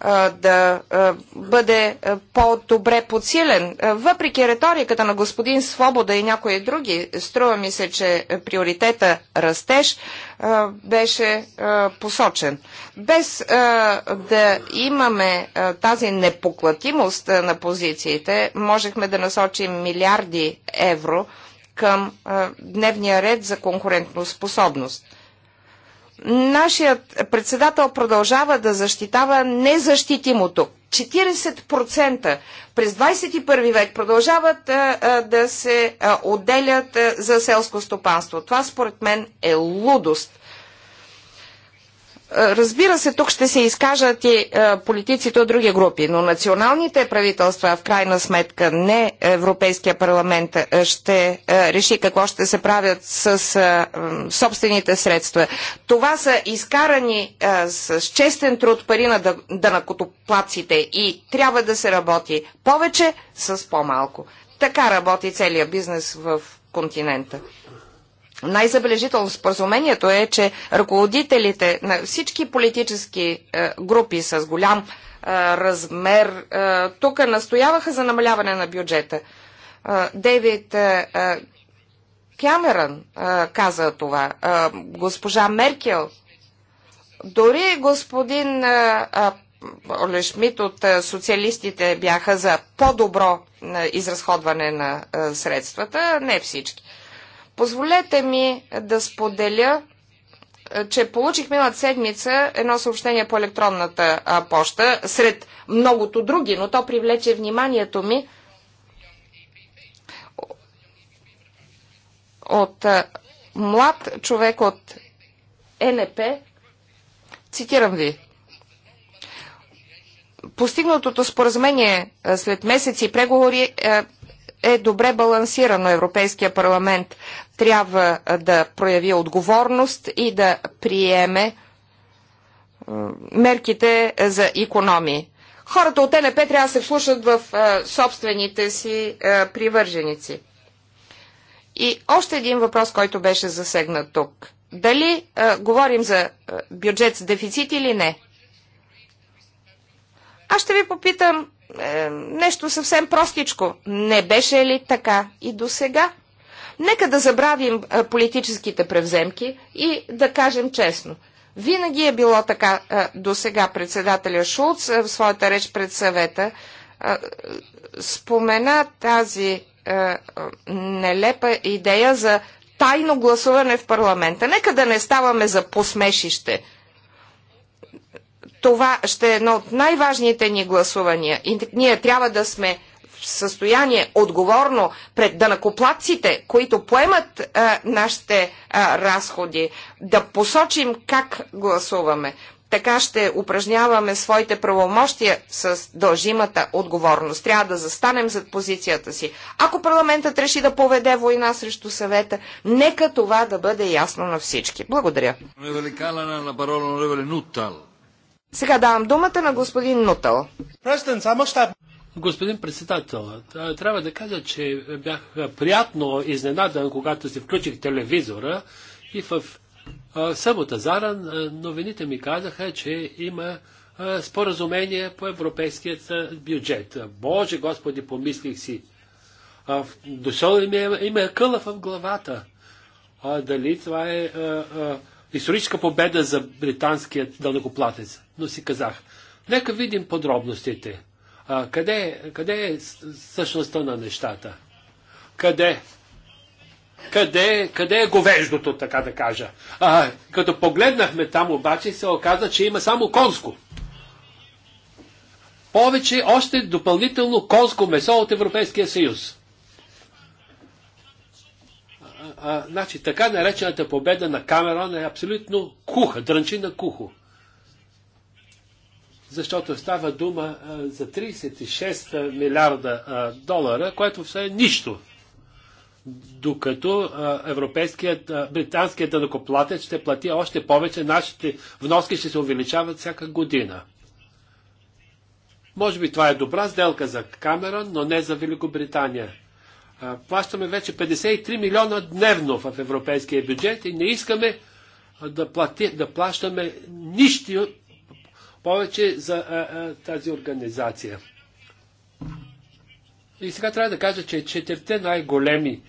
а, да а, бъде по-добре подсилен. Въпреки риториката на господин Свобода и някои други, струва ми се, че приоритета растеж а, беше а, посочен. Без а, да имаме а, тази непоклатимост а, на позициите, можехме да насочим милиарди евро към а, дневния ред за конкурентоспособност. способност. Нашият председател продължава да защитава незащитимото. 40% през 21 век продължават а, а, да се а, отделят а, за селско стопанство. Това според мен е лудост. Разбира се, тук ще се изкажат и е, политиците от други групи, но националните правителства, в крайна сметка не Европейския парламент, е, ще е, реши какво ще се правят с собствените средства. Това са изкарани с честен труд пари на дънакотоплаците и трябва да се работи повече с по-малко. Така работи целият бизнес в континента най-забележително споразумението е, че ръководителите на всички политически е, групи с голям е, размер е, тук настояваха за намаляване на бюджета. Дейвид Кямерън каза това. Госпожа Меркел. Дори господин Оле Шмидт от социалистите бяха за по-добро изразходване на средствата. Не всички. Позволете ми да споделя, е, че получих милат седмица едно съобщение по електронната поща, сред многото други, но то привлече вниманието ми от е, млад човек от е НП. Цитирам ви. Постигнатото споразумение след месеци преговори е е добре балансирано. Европейския парламент трябва да прояви отговорност и да приеме мерките за економии. Хората от НП трябва да се вслушат в собствените си привърженици. И още един въпрос, който беше засегнат тук. Дали а, говорим за бюджет с дефицит или не? Аз ще ви попитам е, нещо съвсем простичко. Не беше ли така и до сега? Нека да забравим е, политическите превземки и да кажем честно. Винаги е било така е, до сега председателя Шулц е, в своята реч пред съвета е, спомена тази е, нелепа идея за тайно гласуване в парламента. Нека да не ставаме за посмешище това ще е едно от най-важните ни гласувания. И ние трябва да сме в състояние отговорно пред данакоплаците, които поемат а, е, нашите а, е, разходи, да посочим как гласуваме. Така ще упражняваме своите правомощия с дължимата отговорност. Трябва да застанем зад позицията си. Ако парламентът реши да поведе война срещу съвета, нека това да бъде ясно на всички. Благодаря. Сега давам думата на господин Нутъл. Господин председател, трябва да кажа, че бях приятно изненадан, когато си включих телевизора и в събота заран новините ми казаха, че има споразумение по европейският бюджет. Боже Господи, помислих си. Дошъл ми е, има е къла в главата. А, дали това е а, а, историческа победа за британският дълъкоплатец. Но си казах, нека видим подробностите. А, къде, къде е същността на нещата? Къде? Къде, къде е говеждото, така да кажа? А, като погледнахме там обаче, се оказа, че има само конско. Повече още допълнително конско месо от Европейския съюз а, значи, така наречената победа на Камерон е абсолютно куха, дрънчи на кухо. Защото става дума а, за 36 милиарда а, долара, което все е нищо. Докато а, европейският, а, британският данокоплатец ще плати още повече, нашите вноски ще се увеличават всяка година. Може би това е добра сделка за Камерон, но не за Великобритания. Плащаме вече 53 милиона дневно в европейския бюджет и не искаме да, плати, да плащаме нищо повече за а, а, тази организация. И сега трябва да кажа, че четирите най-големи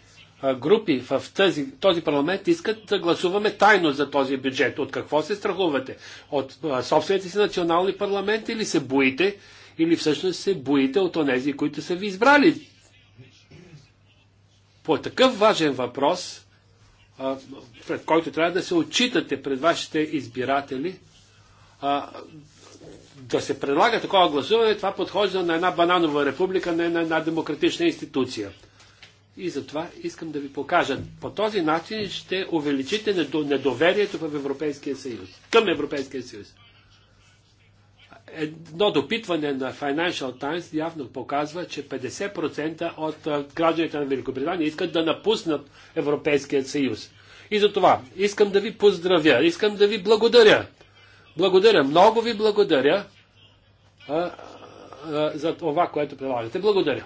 групи в тази, този парламент искат да гласуваме тайно за този бюджет. От какво се страхувате? От а, собствените си национални парламенти или се боите? Или всъщност се боите от онези, които са ви избрали по такъв важен въпрос, пред който трябва да се отчитате пред вашите избиратели, да се предлага такова гласуване, това подхожда на една бананова република, не на една демократична институция. И затова искам да ви покажа. По този начин ще увеличите недоверието в Европейския съюз. Към Европейския съюз. Едно допитване на Financial Times явно показва, че 50% от гражданите на Великобритания искат да напуснат Европейския съюз. И за това искам да ви поздравя, искам да ви благодаря. Благодаря, много ви благодаря а, а, за това, което прилагате. Благодаря.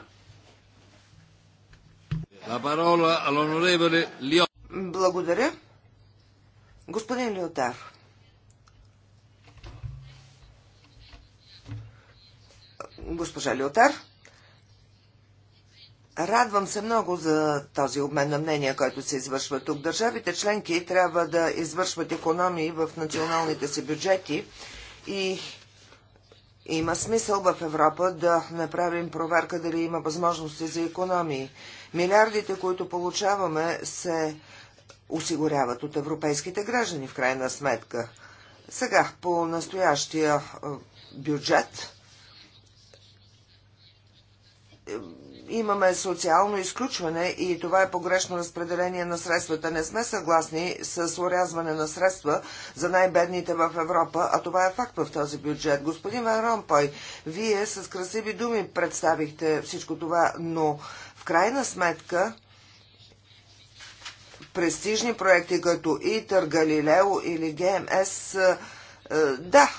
Благодаря. Господин Лиотар. Госпожа Лютер. Радвам се много за този обмен на мнения, който се извършва тук. Държавите членки трябва да извършват економии в националните си бюджети и има смисъл в Европа да направим проверка дали има възможности за економии. Милиардите, които получаваме, се осигуряват от европейските граждани в крайна сметка. Сега по настоящия бюджет имаме социално изключване и това е погрешно разпределение на средствата. Не сме съгласни с урязване на средства за най-бедните в Европа, а това е факт в този бюджет. Господин Ван Ромпой, вие с красиви думи представихте всичко това, но в крайна сметка престижни проекти като ИТър, Галилео или ГМС е, да,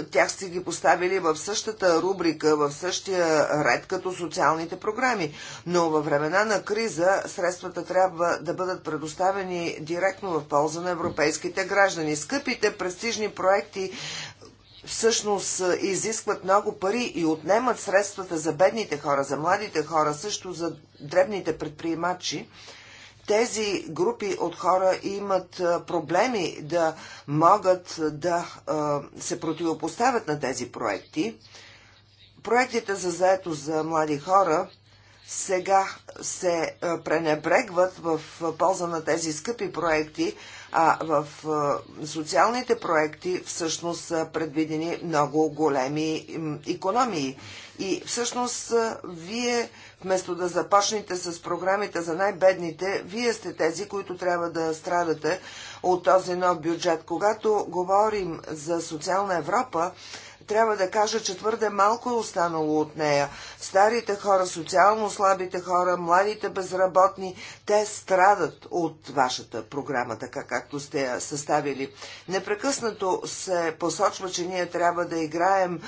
е, тях сте ги поставили в същата рубрика, в същия ред като социалните програми, но във времена на криза средствата трябва да бъдат предоставени директно в полза на европейските граждани. Скъпите престижни проекти всъщност е, изискват много пари и отнемат средствата за бедните хора, за младите хора, също за дребните предприемачи тези групи от хора имат проблеми да могат да се противопоставят на тези проекти. Проектите за заето за млади хора сега се пренебрегват в полза на тези скъпи проекти, а в социалните проекти всъщност са предвидени много големи економии. И всъщност вие Вместо да започнете с програмите за най-бедните, вие сте тези, които трябва да страдате от този нов бюджет. Когато говорим за социална Европа, трябва да кажа, че твърде малко е останало от нея. Старите хора, социално слабите хора, младите безработни, те страдат от вашата програма, така както сте я съставили. Непрекъснато се посочва, че ние трябва да играем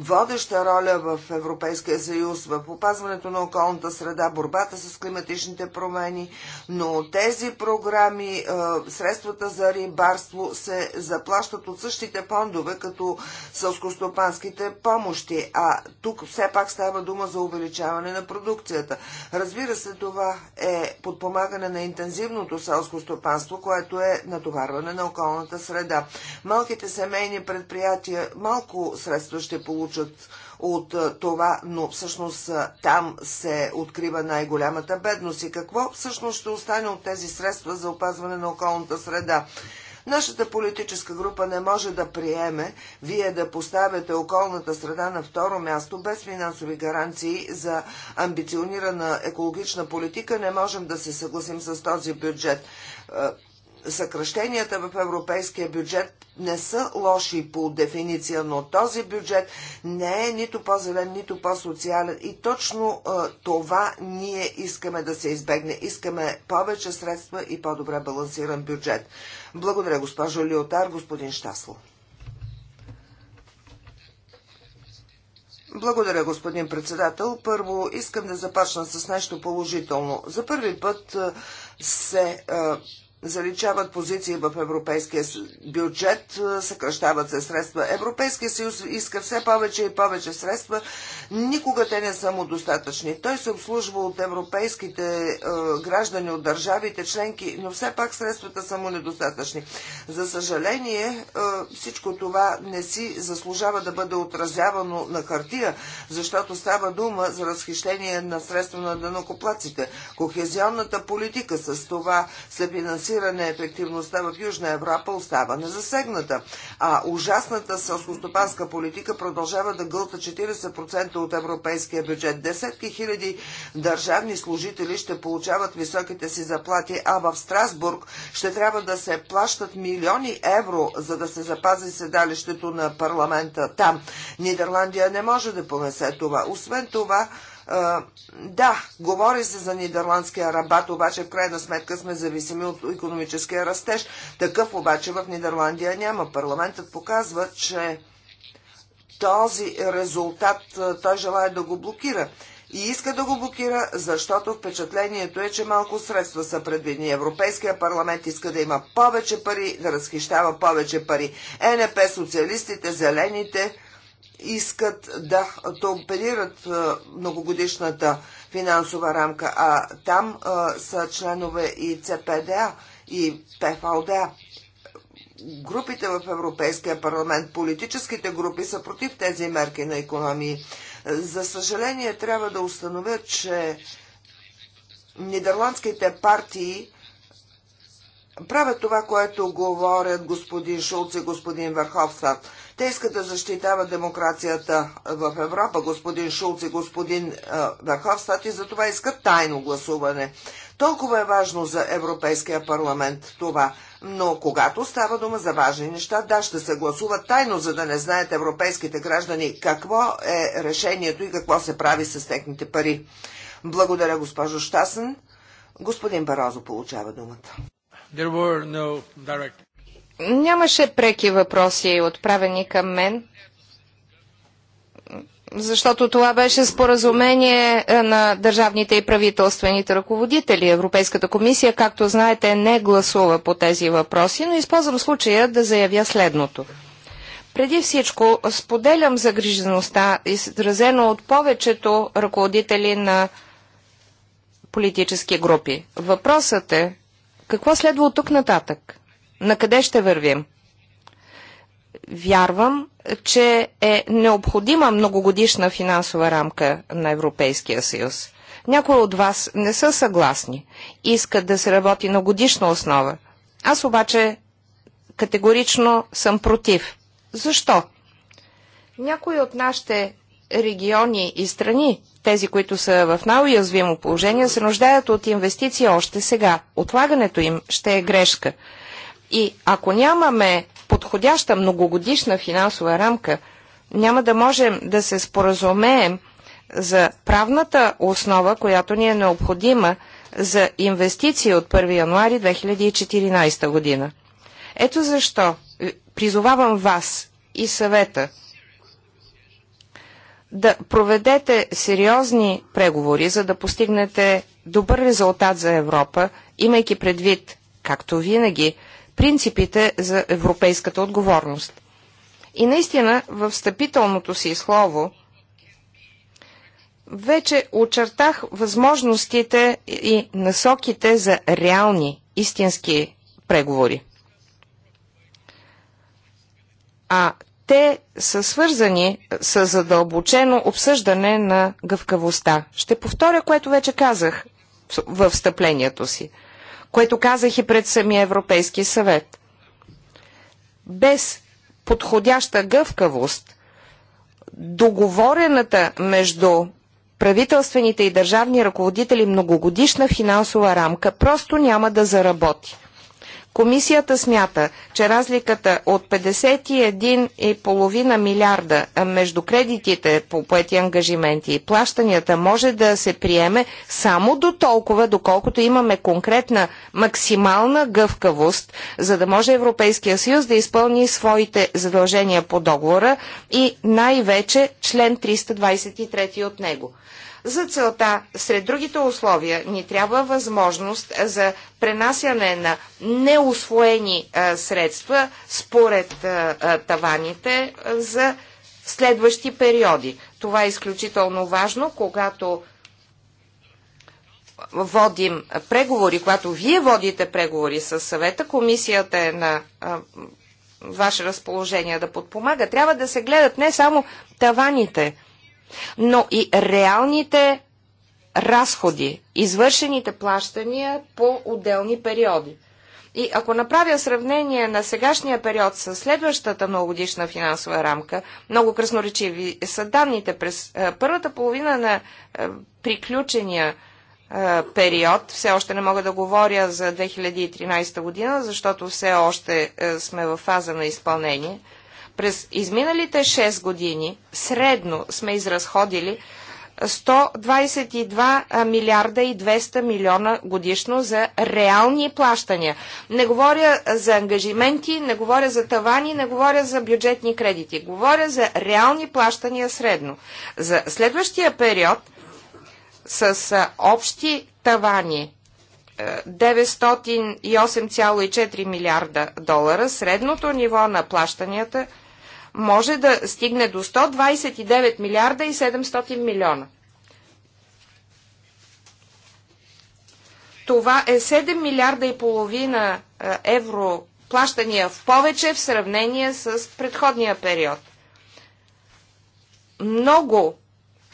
водеща роля в Европейския съюз в опазването на околната среда, борбата с климатичните промени, но тези програми, е, средствата за рибарство се заплащат от същите фондове, като сълскостопанските помощи, а тук все пак става дума за увеличаване на продукцията. Разбира се, това е подпомагане на интензивното селско стопанство, което е натоварване на околната среда. Малките семейни предприятия малко средства ще получат получат от това, но всъщност там се открива най-голямата бедност. И какво всъщност ще остане от тези средства за опазване на околната среда? Нашата политическа група не може да приеме вие да поставяте околната среда на второ място без финансови гаранции за амбиционирана екологична политика. Не можем да се съгласим с този бюджет съкръщенията в европейския бюджет не са лоши по дефиниция, но този бюджет не е нито по-зелен, нито по-социален и точно а, това ние искаме да се избегне. Искаме повече средства и по-добре балансиран бюджет. Благодаря, госпожо Лиотар, господин Щасло. Благодаря, господин председател. Първо искам да започна с нещо положително. За първи път се а, заличават позиции в европейския бюджет, съкръщават се средства. Европейския съюз иска все повече и повече средства. Никога те не са му достатъчни. Той се обслужва от европейските е, граждани, от държавите членки, но все пак средствата са му недостатъчни. За съжаление, е, всичко това не си заслужава да бъде отразявано на хартия, защото става дума за разхищение на средства на дънокоплаците. Кохезионната политика с това се финансира финансиране ефективността в Южна Европа остава незасегната, а ужасната селскостопанска политика продължава да гълта 40% от европейския бюджет. Десетки хиляди държавни служители ще получават високите си заплати, а в Страсбург ще трябва да се плащат милиони евро, за да се запази седалището на парламента там. Нидерландия не може да понесе това. Освен това, да, говори се за нидерландския рабат, обаче в крайна сметка сме зависими от економическия растеж. Такъв обаче в Нидерландия няма. Парламентът показва, че този резултат той желая да го блокира. И иска да го блокира, защото впечатлението е, че малко средства са предвидени. Европейския парламент иска да има повече пари, да разхищава повече пари. ЕНП, социалистите, зелените, искат да томперират многогодишната финансова рамка, а там а, са членове и ЦПДА и ПФЛДА. Групите в Европейския парламент, политическите групи са против тези мерки на економии. За съжаление, трябва да установя, че нидерландските партии правят това, което говорят господин Шулц и господин Върховстат. Те искат да защитават демокрацията в Европа, господин Шулц и господин е, Верховстат, и затова искат тайно гласуване. Толкова е важно за Европейския парламент това. Но когато става дума за важни неща, да, ще се гласува тайно, за да не знаят европейските граждани какво е решението и какво се прави с техните пари. Благодаря, госпожо Штасен. Господин Барозо получава думата. Нямаше преки въпроси отправени към мен, защото това беше споразумение е, на държавните и правителствените ръководители. Европейската комисия, както знаете, не гласува по тези въпроси, но използвам случая да заявя следното. Преди всичко, споделям загрижеността, изразено от повечето ръководители на политически групи. Въпросът е, какво следва от тук нататък? На къде ще вървим? Вярвам, че е необходима многогодишна финансова рамка на Европейския съюз. Някои от вас не са съгласни. Искат да се работи на годишна основа. Аз обаче категорично съм против. Защо? Някои от нашите региони и страни, тези, които са в най-уязвимо положение, се нуждаят от инвестиции още сега. Отлагането им ще е грешка. И ако нямаме подходяща многогодишна финансова рамка, няма да можем да се споразумеем за правната основа, която ни е необходима за инвестиции от 1 януари 2014 година. Ето защо призовавам вас и съвета да проведете сериозни преговори, за да постигнете добър резултат за Европа, имайки предвид, както винаги, принципите за европейската отговорност. И наистина в встъпителното си слово вече очертах възможностите и насоките за реални, истински преговори. А те са свързани с задълбочено обсъждане на гъвкавостта. Ще повторя, което вече казах в встъплението си – което казах и пред самия Европейски съвет. Без подходяща гъвкавост, договорената между правителствените и държавни ръководители многогодишна финансова рамка просто няма да заработи. Комисията смята, че разликата от 51,5 милиарда между кредитите по поети ангажименти и плащанията може да се приеме само до толкова, доколкото имаме конкретна максимална гъвкавост, за да може Европейския съюз да изпълни своите задължения по договора и най-вече член 323 от него. За целта, сред другите условия, ни трябва възможност за пренасяне на неосвоени а, средства според а, а, таваните за следващи периоди. Това е изключително важно, когато водим преговори, когато вие водите преговори с съвета, комисията е на ваше разположение да подпомага. Трябва да се гледат не само таваните, но и реалните разходи, извършените плащания по отделни периоди. И ако направя сравнение на сегашния период с следващата многогодишна финансова рамка, много красноречиви са данните през е, първата половина на е, приключения е, период. Все още не мога да говоря за 2013 година, защото все още е, сме в фаза на изпълнение – през изминалите 6 години средно сме изразходили 122 милиарда и 200 милиона годишно за реални плащания. Не говоря за ангажименти, не говоря за тавани, не говоря за бюджетни кредити. Говоря за реални плащания средно. За следващия период с общи тавани 908,4 е, милиарда долара, средното ниво на плащанията – може да стигне до 129 милиарда и 700 милиона. Това е 7 милиарда и половина е, евро плащания в повече в сравнение с предходния период. Много,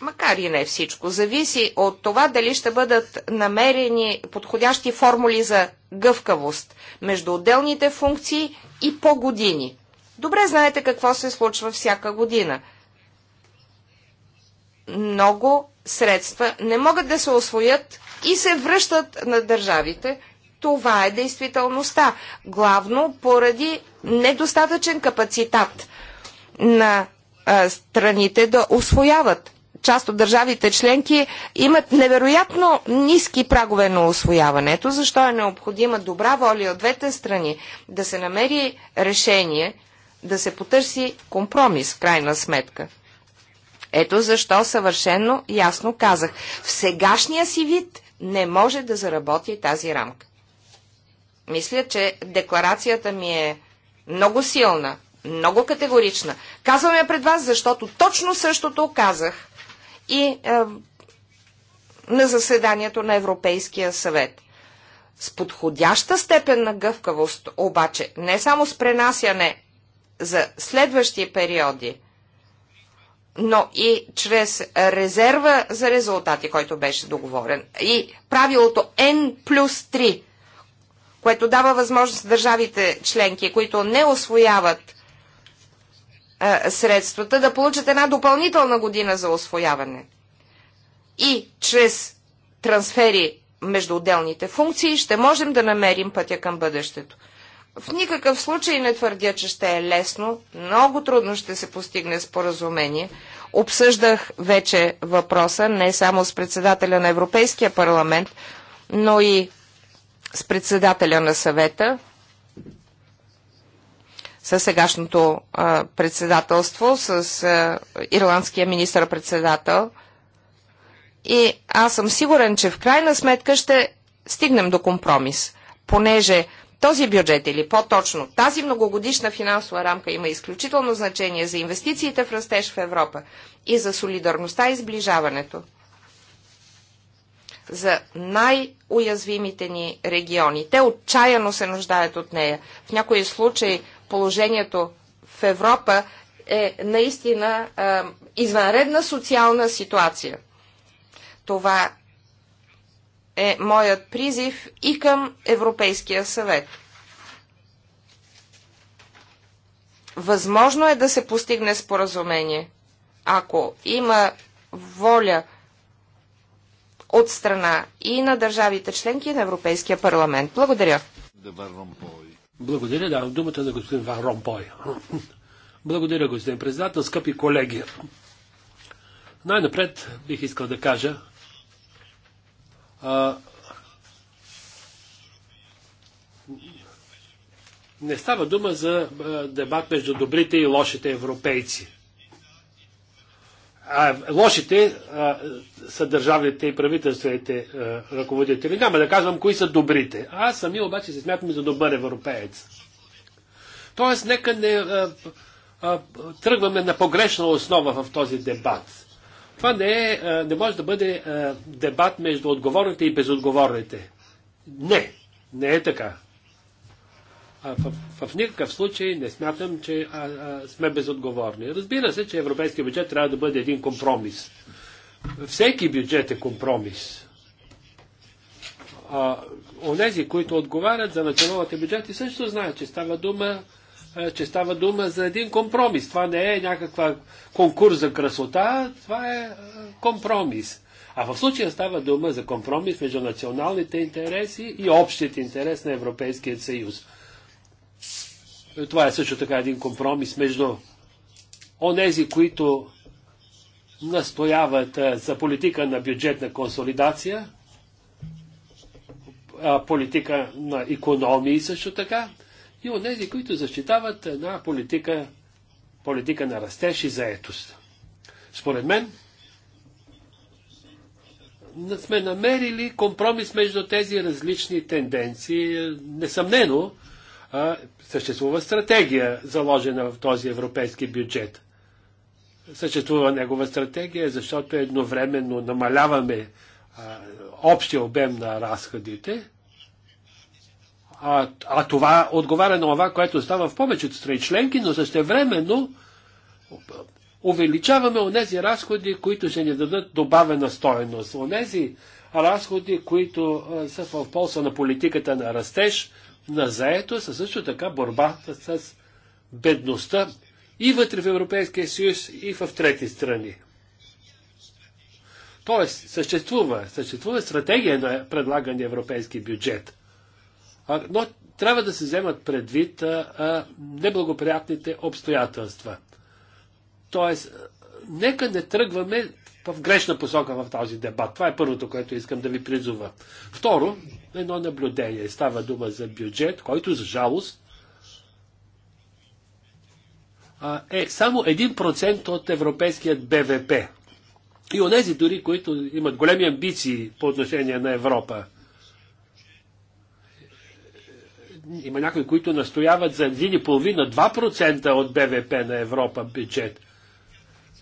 макар и не всичко, зависи от това дали ще бъдат намерени подходящи формули за гъвкавост между отделните функции и по години. Добре знаете какво се случва всяка година. Много средства не могат да се освоят и се връщат на държавите. Това е действителността. Главно поради недостатъчен капацитат на а, страните да освояват. Част от държавите членки имат невероятно ниски прагове на освояването, защо е необходима добра воля от двете страни да се намери решение – да се потърси компромис, в крайна сметка. Ето защо съвършенно ясно казах. В сегашния си вид не може да заработи тази рамка. Мисля, че декларацията ми е много силна, много категорична. Казвам я пред вас, защото точно същото казах и е, на заседанието на Европейския съвет. С подходяща степен на гъвкавост, обаче, не само с пренасяне за следващи периоди, но и чрез резерва за резултати, който беше договорен. И правилото N плюс 3, което дава възможност държавите членки, които не освояват средствата, да получат една допълнителна година за освояване. И чрез трансфери между отделните функции ще можем да намерим пътя към бъдещето. В никакъв случай не твърдя, че ще е лесно. Много трудно ще се постигне споразумение. Обсъждах вече въпроса не само с председателя на Европейския парламент, но и с председателя на съвета, със сегашното а, председателство, с а, ирландския министър-председател. И аз съм сигурен, че в крайна сметка ще стигнем до компромис, понеже този бюджет или по-точно тази многогодишна финансова рамка има изключително значение за инвестициите в растеж в Европа и за солидарността и сближаването. За най-уязвимите ни региони. Те отчаяно се нуждаят от нея. В някои случаи положението в Европа е наистина е, извънредна социална ситуация. Това е моят призив и към Европейския съвет. Възможно е да се постигне споразумение, ако има воля от страна и на държавите членки и на Европейския парламент. Благодаря. Благодаря, да, думата на господин Ван Ромпой. Благодаря, господин председател, скъпи колеги. Най-напред бих искал да кажа, а, не става дума за дебат между добрите и лошите европейци. А лошите а, са държавните и правителствените а, ръководители. Няма да казвам кои са добрите. Аз сами обаче се смятам за добър европеец. Тоест, нека не а, а, тръгваме на погрешна основа в този дебат. Това не, е, е, не може да бъде е, дебат между отговорните и безотговорните. Не, не е така. в, в никакъв случай не смятам, че а, а, сме безотговорни. Разбира се, че европейския бюджет трябва да бъде един компромис. Всеки бюджет е компромис. онези, които отговарят за националните бюджети, също знаят, че става дума че става дума за един компромис. Това не е някаква конкурс за красота, това е компромис. А в случая става дума за компромис между националните интереси и общият интерес на Европейския съюз. Това е също така един компромис между онези, които настояват за политика на бюджетна консолидация, политика на економии също така, и от тези, които защитават една политика, политика на растеж и заетост. Според мен, сме намерили компромис между тези различни тенденции. Несъмнено, съществува стратегия, заложена в този европейски бюджет. Съществува негова стратегия, защото едновременно намаляваме общия обем на разходите, а, а това отговаря на това, което става в повечето страни членки, но същевременно увеличаваме онези разходи, които ще ни дадат добавена стоеност. Онези разходи, които а, са в полза на политиката на растеж, на заето, са също така борбата с бедността и вътре в Европейския съюз, и в трети страни. Тоест, съществува, съществува стратегия на предлагания европейски бюджет – но трябва да се вземат предвид неблагоприятните обстоятелства. Тоест, нека не тръгваме в грешна посока в този дебат. Това е първото, което искам да ви призува. Второ, едно наблюдение. Става дума за бюджет, който за жалост е само 1% от европейският БВП. И онези дори, които имат големи амбиции по отношение на Европа. има някои, които настояват за 1,5-2% от БВП на Европа бюджет.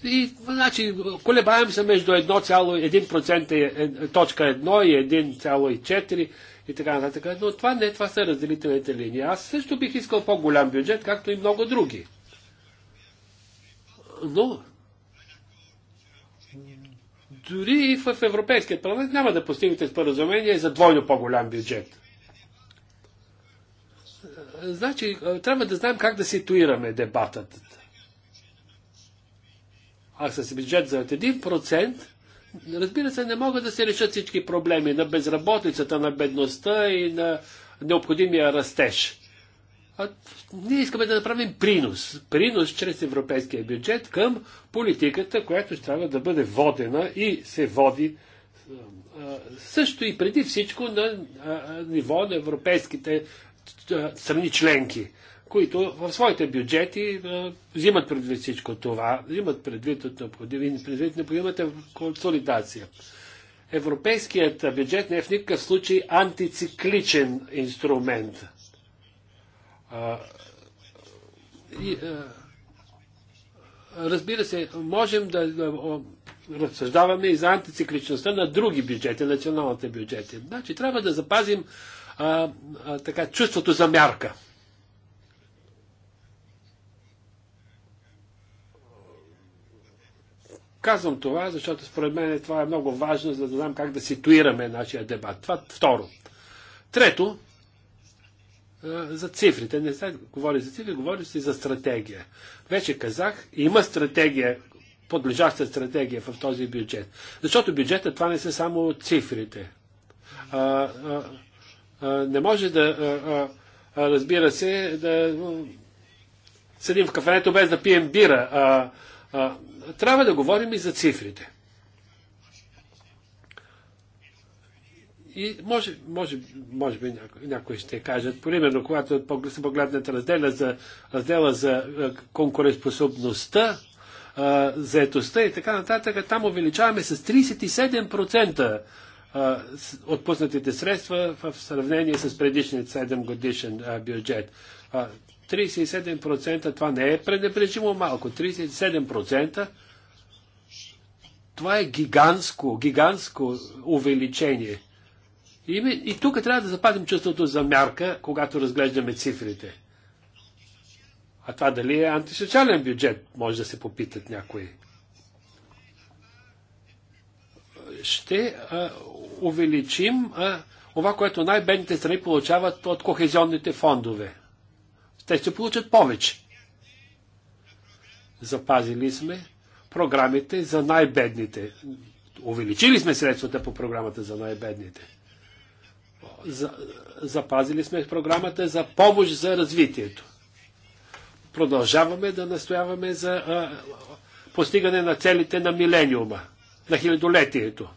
И, значи, колебаем се между 1,1% е, е, точка 1 и 1,4 и така нататък. Но това не, това са разделителните линии. Аз също бих искал по-голям бюджет, както и много други. Но дори и в Европейския парламент няма да постигнете споразумение за двойно по-голям бюджет. Значи, трябва да знаем как да ситуираме дебатът. А с бюджет за 1%, разбира се, не могат да се решат всички проблеми на безработицата, на бедността и на необходимия растеж. А ние искаме да направим принос. Принос чрез европейския бюджет към политиката, която ще трябва да бъде водена и се води също и преди всичко на ниво на европейските страни членки, които в своите бюджети взимат предвид всичко това, взимат предвид, от необходим, предвид необходимата консолидация. Европейският бюджет не е в никакъв случай антицикличен инструмент. разбира се, можем да разсъждаваме и за антицикличността на други бюджети, националните бюджети. Значи трябва да запазим а, а, така, чувството за мярка. Казвам това, защото според мен това е много важно, за да знам как да ситуираме нашия дебат. Това второ. Трето, за цифрите. Не се говори за цифри, говори се за стратегия. Вече казах, има стратегия, подлежаща стратегия в този бюджет. Защото бюджета това не са само цифрите. А, а, а, не може да, а, а, разбира се, да седим в кафенето без да пием бира. А, а, трябва да говорим и за цифрите. И може, може, може би някои, някои ще кажат, примерно, когато се погледнете раздела за, раздела за конкурентоспособността, заетостта и така нататък, там увеличаваме с 37% отпуснатите средства в сравнение с предишният 7 годишен бюджет. 37% това не е пренебрежимо малко. 37% това е гигантско, гигантско увеличение. и тук трябва да запазим чувството за мярка, когато разглеждаме цифрите. А това дали е антисоциален бюджет, може да се попитат някои. Ще а, увеличим а, това, което най-бедните страни получават от кохезионните фондове. Те ще получат повече. Запазили сме програмите за най-бедните. Увеличили сме средствата по програмата за най-бедните. запазили сме програмата за помощ за развитието продължаваме да настояваме за а, постигане на целите на милениума, на хилядолетието.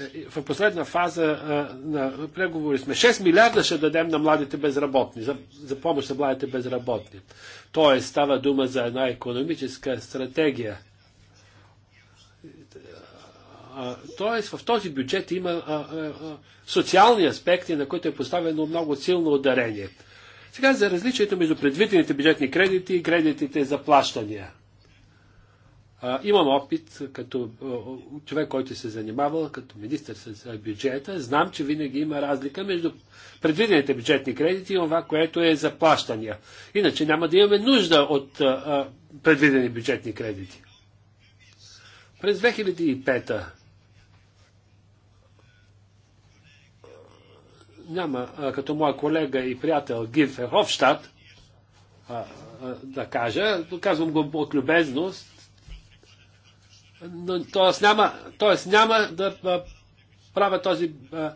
Е, в последна фаза а, на преговори сме 6 милиарда ще дадем на младите безработни, за, за помощ на младите безработни. Тоест става дума за една економическа стратегия. Тоест в този бюджет има а, а, социални аспекти, на които е поставено много силно ударение. Сега за различието между предвидените бюджетни кредити и кредитите за плащания. имам опит като човек, който се е занимавал като министр с бюджета. Знам, че винаги има разлика между предвидените бюджетни кредити и това, което е за плащания. Иначе няма да имаме нужда от предвидени бюджетни кредити. През 2005 няма а, като моя колега и приятел Гив Ховштадт да кажа, казвам го от любезност, но, т.е. няма, тоест няма да а, правя този а,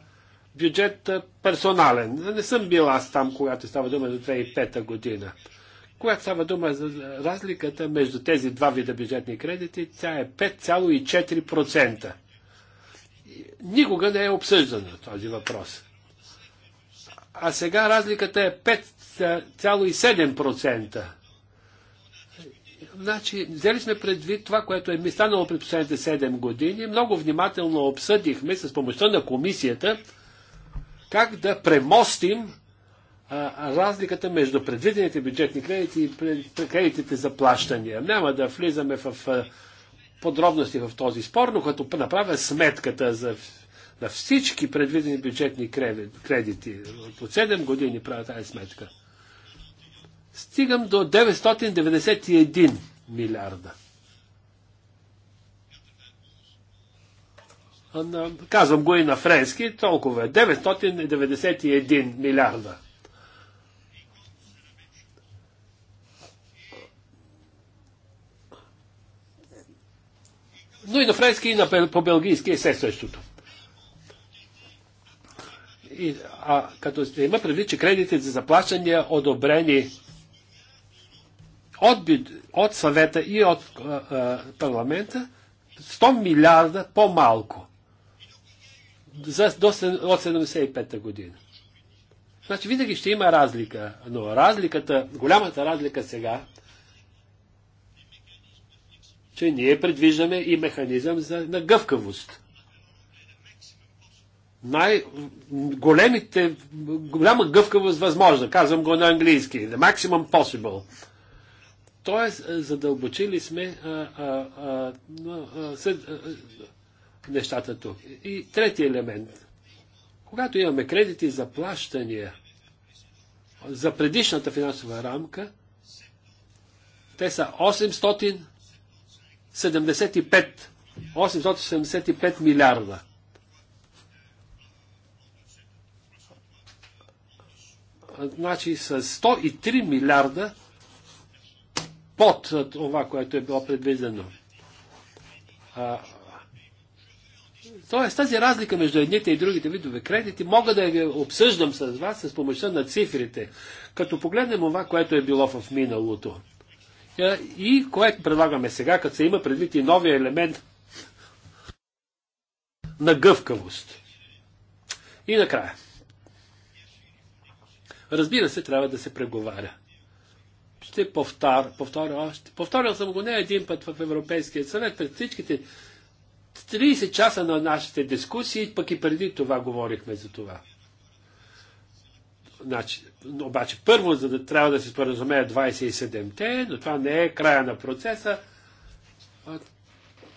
бюджет а, персонален. Не съм бил аз там, когато става дума за 2005 година. Когато става дума за разликата между тези два вида бюджетни кредити, тя е 5,4%. Никога не е обсъждана този въпрос а сега разликата е 5,7%. Значи, взели сме предвид това, което е ми станало през последните 7 години. Много внимателно обсъдихме с помощта на комисията как да премостим а, разликата между предвидените бюджетни кредити и кредитите за плащания. Няма да влизаме в подробности в този спор, но като направя сметката за на всички предвидени бюджетни кредити. По 7 години правя тази сметка. Стигам до 991 милиарда. Казвам го и на френски, толкова е. 991 милиарда. Но и на френски, и на, по-белгийски е все същото. И, а, като се има предвид, че кредитите за заплащания, одобрени от, от съвета и от а, а, парламента, 100 милиарда по-малко. За, до, от 75-та година. Значи винаги ще има разлика, но разликата, голямата разлика сега, че ние предвиждаме и механизъм за, на гъвкавост най-големите, голяма гъвкавост възможна. Казвам го на английски. The maximum possible. Тоест, е, задълбочили сме а, а, а, а, нещата тук. И трети елемент. Когато имаме кредити за плащания за предишната финансова рамка, те са 875, 875 милиарда. значи с 103 милиарда под това, което е било предвидено. А, Тоест тази разлика между едните и другите видове кредити мога да я обсъждам с вас с помощта на цифрите, като погледнем това, което е било в миналото. И което предлагаме сега, като се има предвид и новия елемент на гъвкавост. И накрая. Разбира се, трябва да се преговаря. Ще повтар, повторя още. Повторял съм го не един път в Европейския съвет, пред всичките 30 часа на нашите дискусии, пък и преди това говорихме за това. Значи, обаче първо, за да трябва да се споразумеят 27-те, но това не е края на процеса.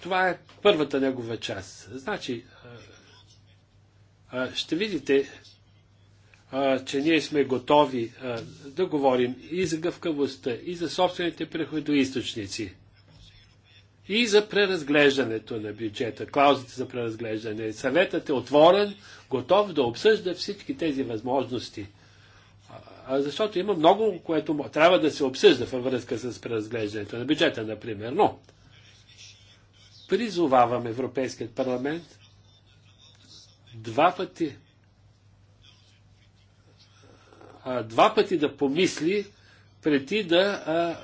Това е първата негова част. Значи, ще видите, че ние сме готови да говорим и за гъвкавостта, и за собствените преходоисточници, и за преразглеждането на бюджета, клаузите за преразглеждане. Съветът е отворен, готов да обсъжда всички тези възможности. А, защото има много, което трябва да се обсъжда във връзка с преразглеждането на бюджета, например. Но призовавам Европейският парламент два пъти а, два пъти да помисли преди да а,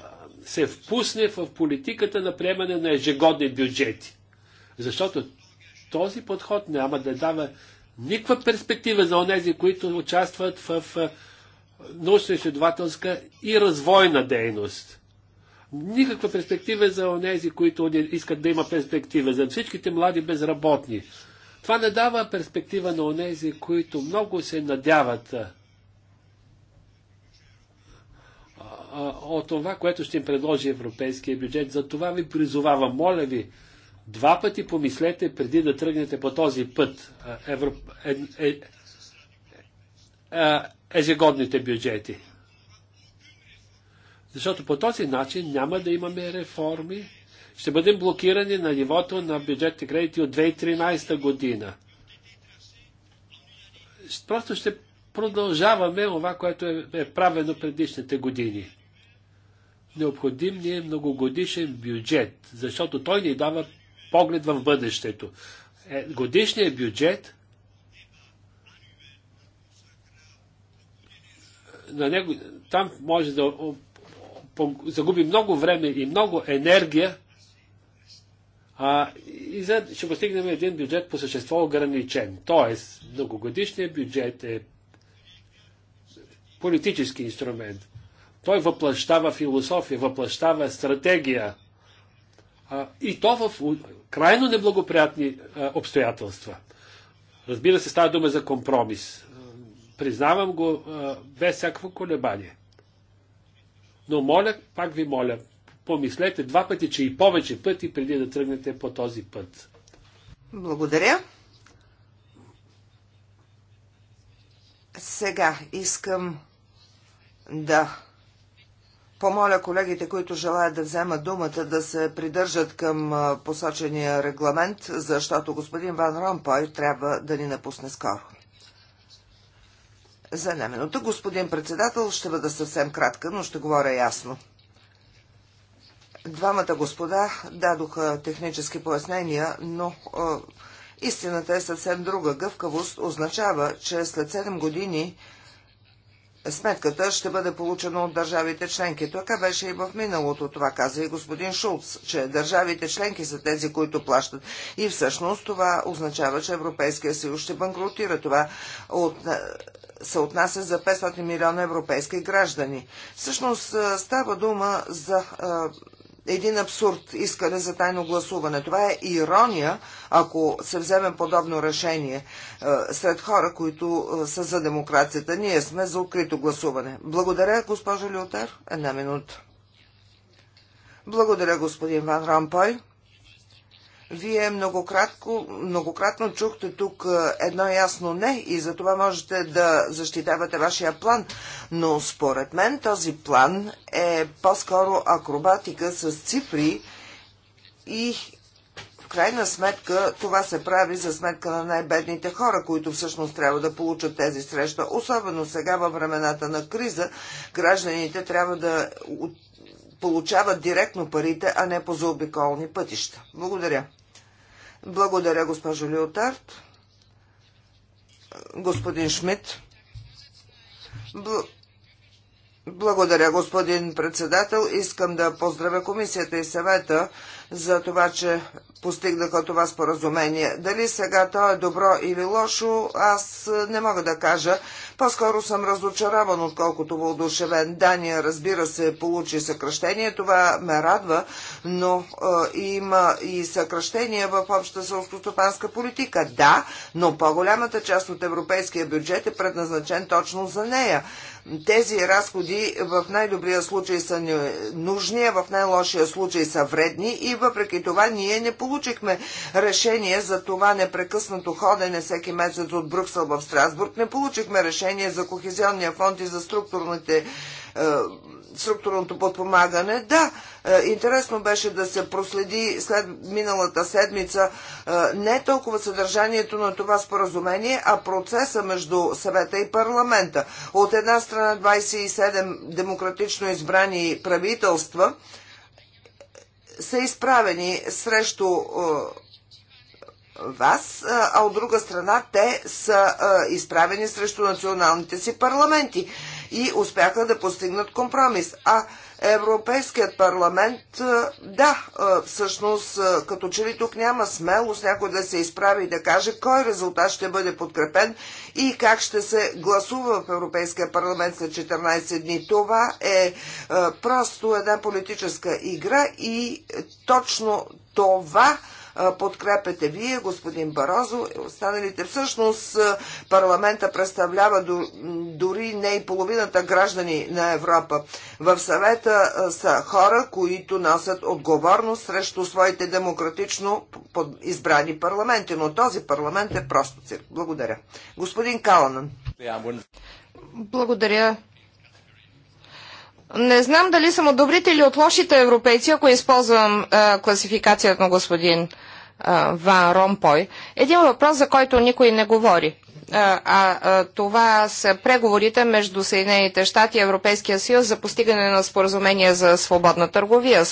се впусне в политиката на приемане на ежегодни бюджети. Защото този подход няма да дава никаква перспектива за онези, които участват в научно-изследователска и развойна дейност. Никаква перспектива за онези, които искат да има перспектива, за всичките млади безработни. Това не дава перспектива на онези, които много се надяват от това, което ще им предложи европейския бюджет. За това ви призовавам, моля ви, два пъти помислете преди да тръгнете по този път евро... е... Е... Е... ежегодните бюджети. Защото по този начин няма да имаме реформи, ще бъдем блокирани на нивото на бюджетни кредити от 2013 година. Просто ще продължаваме това, което е, е правено предишните години необходим ни е многогодишен бюджет, защото той ни дава поглед в бъдещето. Е, годишният бюджет на него, там може да загуби много време и много енергия а, и за, ще постигнем един бюджет по същество ограничен. Тоест, многогодишният бюджет е политически инструмент. Той въплащава философия, въплащава стратегия. А, и то в крайно неблагоприятни а, обстоятелства. Разбира се, става дума за компромис. Признавам го а, без всякакво колебание. Но моля, пак ви моля, помислете два пъти, че и повече пъти преди да тръгнете по този път. Благодаря. Сега искам да помоля колегите, които желаят да вземат думата, да се придържат към посочения регламент, защото господин Ван Ромпой трябва да ни напусне скоро. За минута, господин председател, ще бъда съвсем кратка, но ще говоря ясно. Двамата господа дадоха технически пояснения, но Истината е съвсем друга. Гъвкавост означава, че след 7 години сметката ще бъде получена от държавите членки. Така беше и в миналото. Това каза и господин Шулц, че държавите членки са тези, които плащат. И всъщност това означава, че Европейския съюз ще банкротира. Това от, е, се отнася за 500 милиона европейски граждани. Всъщност е, става дума за е, един абсурд искане за тайно гласуване. Това е ирония, ако се вземе подобно решение е, сред хора, които е, са за демокрацията. Ние сме за открито гласуване. Благодаря, госпожо Лютер. Една минута. Благодаря, господин Ван Рампой. Вие многократно, многократно чухте тук е, едно ясно не и за това можете да защитавате вашия план, но според мен този план е по-скоро акробатика с цифри и в крайна сметка това се прави за сметка на най-бедните хора, които всъщност трябва да получат тези среща. Особено сега във времената на криза гражданите трябва да получават директно парите, а не по заобиколни пътища. Благодаря. Благодаря, госпожо Леотард. Господин Шмидт. Бл... Благодаря, господин председател. Искам да поздравя комисията и съвета за това, че постигнаха това споразумение. Дали сега то е добро или лошо, аз не мога да кажа. По-скоро съм разочарован, отколкото вълдушевен. Дания, разбира се, получи съкръщение. Това ме радва, но е, има и съкръщение в обща селскостопанска политика. Да, но по-голямата част от европейския бюджет е предназначен точно за нея. Тези разходи в най-добрия случай са нужни, а в най-лошия случай са вредни и въпреки това ние не получихме решение за това непрекъснато ходене всеки месец от Брюксел в Страсбург. Не получихме решение за Кохезионния фонд и за структурните е, структурното подпомагане. Да, е, интересно беше да се проследи след миналата седмица е, не толкова съдържанието на това споразумение, а процеса между съвета и парламента. От една страна 27 демократично избрани правителства са изправени срещу е, вас, а от друга страна те са изправени срещу националните си парламенти и успяха да постигнат компромис. А Европейският парламент, е, да, е, всъщност, е, като че ли тук няма смелост някой да се изправи и да каже кой резултат ще бъде подкрепен и как ще се гласува в Европейския парламент след 14 дни. Това е просто една политическа игра и точно това подкрепяте вие, господин Барозо останалите. Всъщност парламента представлява дори не и половината граждани на Европа. В съвета са хора, които носят отговорност срещу своите демократично избрани парламенти, но този парламент е просто цирк. Благодаря. Господин Каланан. Благодаря. Не знам дали съм от добрите или от лошите европейци, ако използвам а, класификацията на господин а, Ван Ромпой. Един въпрос, за който никой не говори. А, а това са преговорите между Съединените щати и Европейския съюз за постигане на споразумение за свободна търговия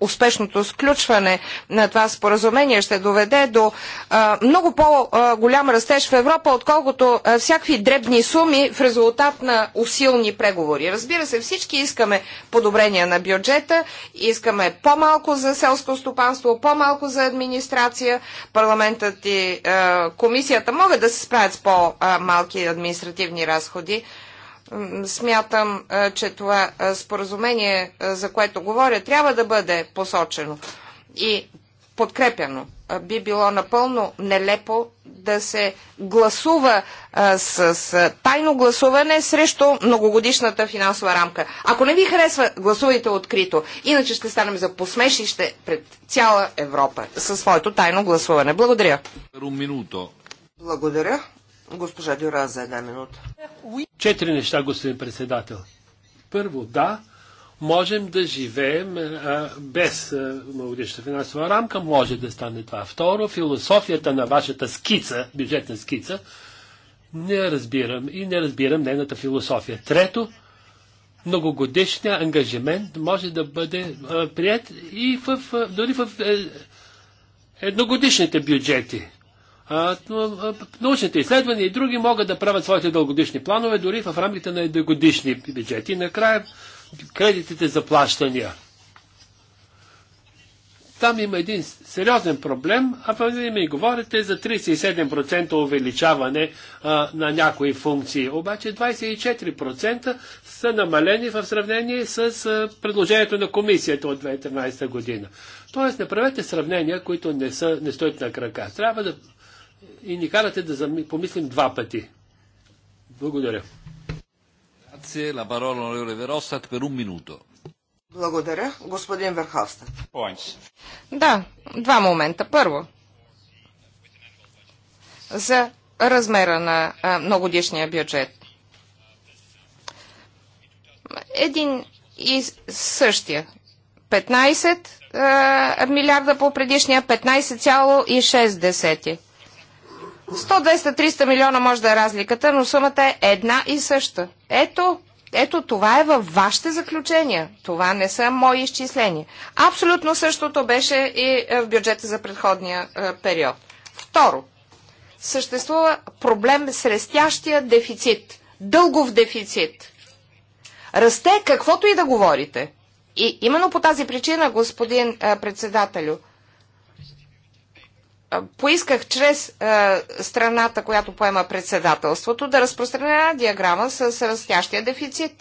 успешното сключване на това споразумение ще доведе до а, много по-голям растеж в Европа, отколкото а, всякакви дребни суми в резултат на усилни преговори. Разбира се, всички искаме подобрения на бюджета, искаме по-малко за селско стопанство, по-малко за администрация. Парламентът и а, комисията могат да се справят с по-малки административни разходи. Смятам, че това споразумение, за което говоря, трябва да бъде посочено и подкрепено. Би било напълно нелепо да се гласува с тайно гласуване срещу многогодишната финансова рамка. Ако не ви харесва, гласувайте открито. Иначе ще станем за посмешище пред цяла Европа със своето тайно гласуване. Благодаря. Благодаря. Госпожа Дюра за една минута. Четири неща, господин председател. Първо, да, можем да живеем а, без многодишна финансова рамка, може да стане това. Второ, философията на вашата скица, бюджетна скица, не разбирам и не разбирам нейната философия. Трето, многогодишният ангажимент може да бъде а, прият и в, а, дори в е, едногодишните бюджети научните изследвания и други могат да правят своите дългодишни планове, дори в рамките на едногодишни бюджети. Накрая кредитите за плащания. Там има един сериозен проблем, а вие ми говорите за 37% увеличаване а, на някои функции. Обаче 24% са намалени в сравнение с а, предложението на комисията от 2013 година. Тоест, не правете сравнения, които не, са, не стоят на крака. Трябва да и ни карате да помислим два пъти. Благодаря. Благодаря. Господин Верховстат. Да, два момента. Първо, за размера на а, многодишния бюджет. Един и същия. 15 а, милиарда по предишния, 15,6. 100, 200, 300 милиона може да е разликата, но сумата е една и съща. Ето, ето това е във вашите заключения. Това не са мои изчисления. Абсолютно същото беше и е, в бюджета за предходния е, период. Второ, съществува проблем с растящия дефицит. Дългов дефицит. Расте каквото и да говорите. И именно по тази причина, господин е, председателю, поисках чрез е, страната, която поема председателството, да разпространя диаграма с растящия дефицит.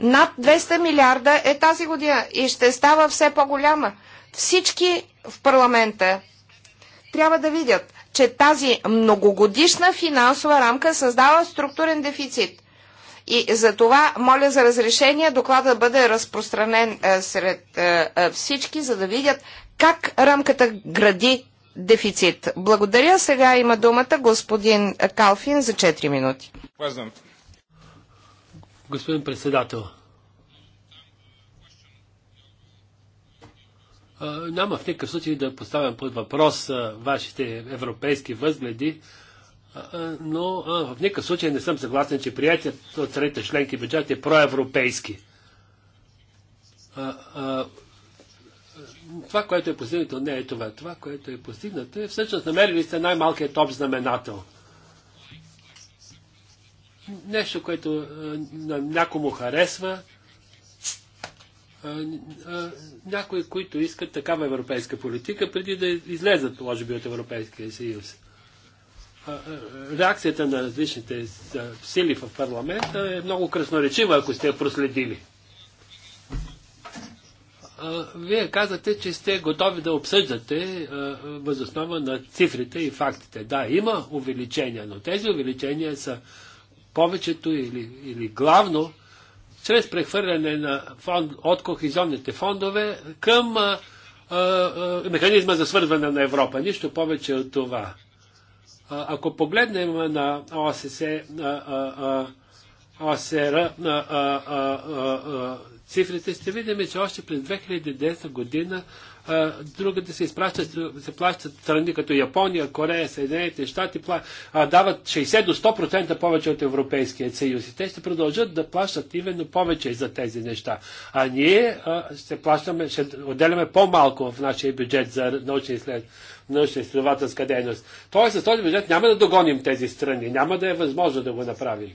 Над 200 милиарда е тази година и ще става все по-голяма. Всички в парламента трябва да видят, че тази многогодишна финансова рамка създава структурен дефицит. И за това моля за разрешение доклада да бъде разпространен е, сред е, е всички, за да видят как рамката гради дефицит. Благодаря. Сега има думата господин Калфин за 4 минути. Господин председател, няма в никакъв случай да поставям под въпрос вашите европейски възгледи, но в никакъв случай не съм съгласен, че приятият от средите членки бюджет е проевропейски това, което е постигнато, не е това. Това, което е постигнато, е всъщност намерили сте най-малкият топ знаменател. Нещо, което на някому харесва, някои, които искат такава европейска политика, преди да излезат, може би, от Европейския съюз. Реакцията на различните сили в парламента е много красноречива, ако сте я проследили вие казвате, че сте готови да обсъждате възоснова на цифрите и фактите. Да, има увеличения, но тези увеличения са повечето или, или главно чрез прехвърляне на фонд, от кохизионните фондове към а, а, механизма за свързване на Европа. Нищо повече от това. А, ако погледнем на ОССР, ОСР, цифрите, ще видим, че още през 2010 година другите се изпращат, се плащат страни като Япония, Корея, Съединените щати, а дават 60 до 100% повече от Европейския съюз. И те ще продължат да плащат именно повече за тези неща. А ние ще плащаме, ще отделяме по-малко в нашия бюджет за научни изследвания научна изследователска дейност. Тоест с този бюджет няма да догоним тези страни, няма да е възможно да го направим.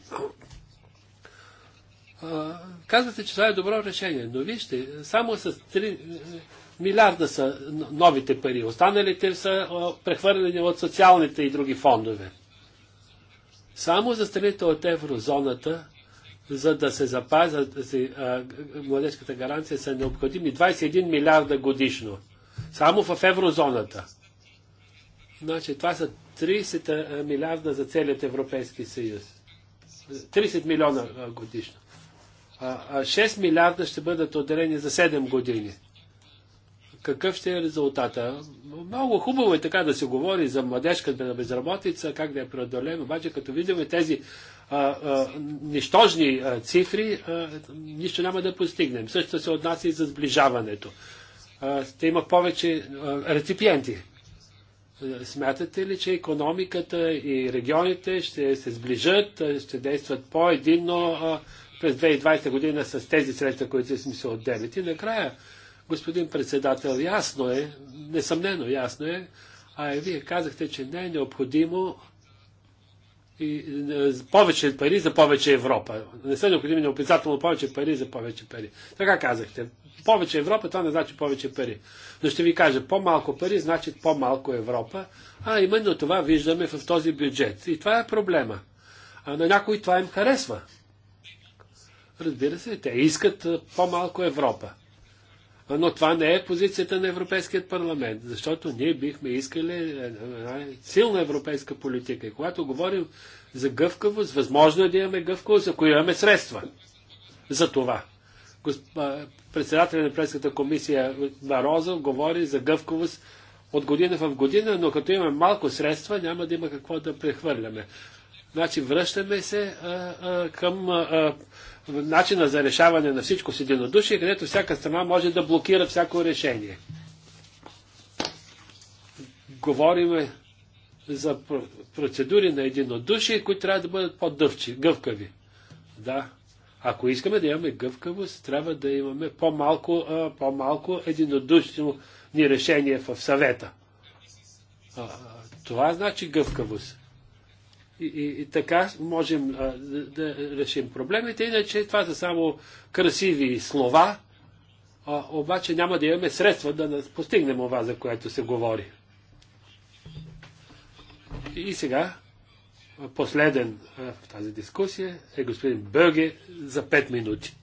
Казва се, че това е добро решение, но вижте, само с 3 е, милиарда са новите пари, останалите са прехвърлени от социалните и други фондове. Само за страните от еврозоната, за да се запазят младежката гаранция, са необходими 21 милиарда годишно. Само в еврозоната. Значи това са 30 милиарда за целият Европейски съюз. 30 милиона годишно. 6 милиарда ще бъдат отделени за 7 години. Какъв ще е резултата? Много хубаво е така да се говори за младежката безработица, как да я преодолеем, обаче като видим тези а, а, нищожни а, цифри, а, нищо няма да постигнем. Също се отнася и за сближаването. А, ще има повече а, реципиенти. Смятате ли, че економиката и регионите ще се сближат, ще действат по-единно през 2020 година с тези средства, които сме се отделят. И накрая, господин председател, ясно е, несъмнено ясно е, а и вие казахте, че не е необходимо и, е, повече пари за повече Европа. Не са необходими необязателно повече пари за повече пари. Така казахте. Повече Европа, това не значи повече пари. Но ще ви кажа, по-малко пари значи по-малко Европа, а именно това виждаме в този бюджет. И това е проблема. А на някои това им харесва. Разбира се, те искат по-малко Европа. Но това не е позицията на Европейският парламент, защото ние бихме искали е, е, силна европейска политика. И когато говорим за гъвкавост, възможно е да имаме гъвкавост, ако имаме средства за това. Председателят Председателя на Европейската комисия Барозов говори за гъвкавост от година в година, но като имаме малко средства, няма да има какво да прехвърляме. Значи връщаме се а, а, към а, начина за решаване на всичко с единодушие, където всяка страна може да блокира всяко решение. Говориме за процедури на единодушие, които трябва да бъдат по-дъвчи, гъвкави. Да. Ако искаме да имаме гъвкавост, трябва да имаме по-малко, по-малко единодушно ни решение в съвета. това значи гъвкавост. И, и, и така можем а, да решим проблемите. Иначе това са само красиви слова, а, обаче няма да имаме средства да постигнем това, за което се говори. И сега, последен в тази дискусия е господин Бълге за 5 минути.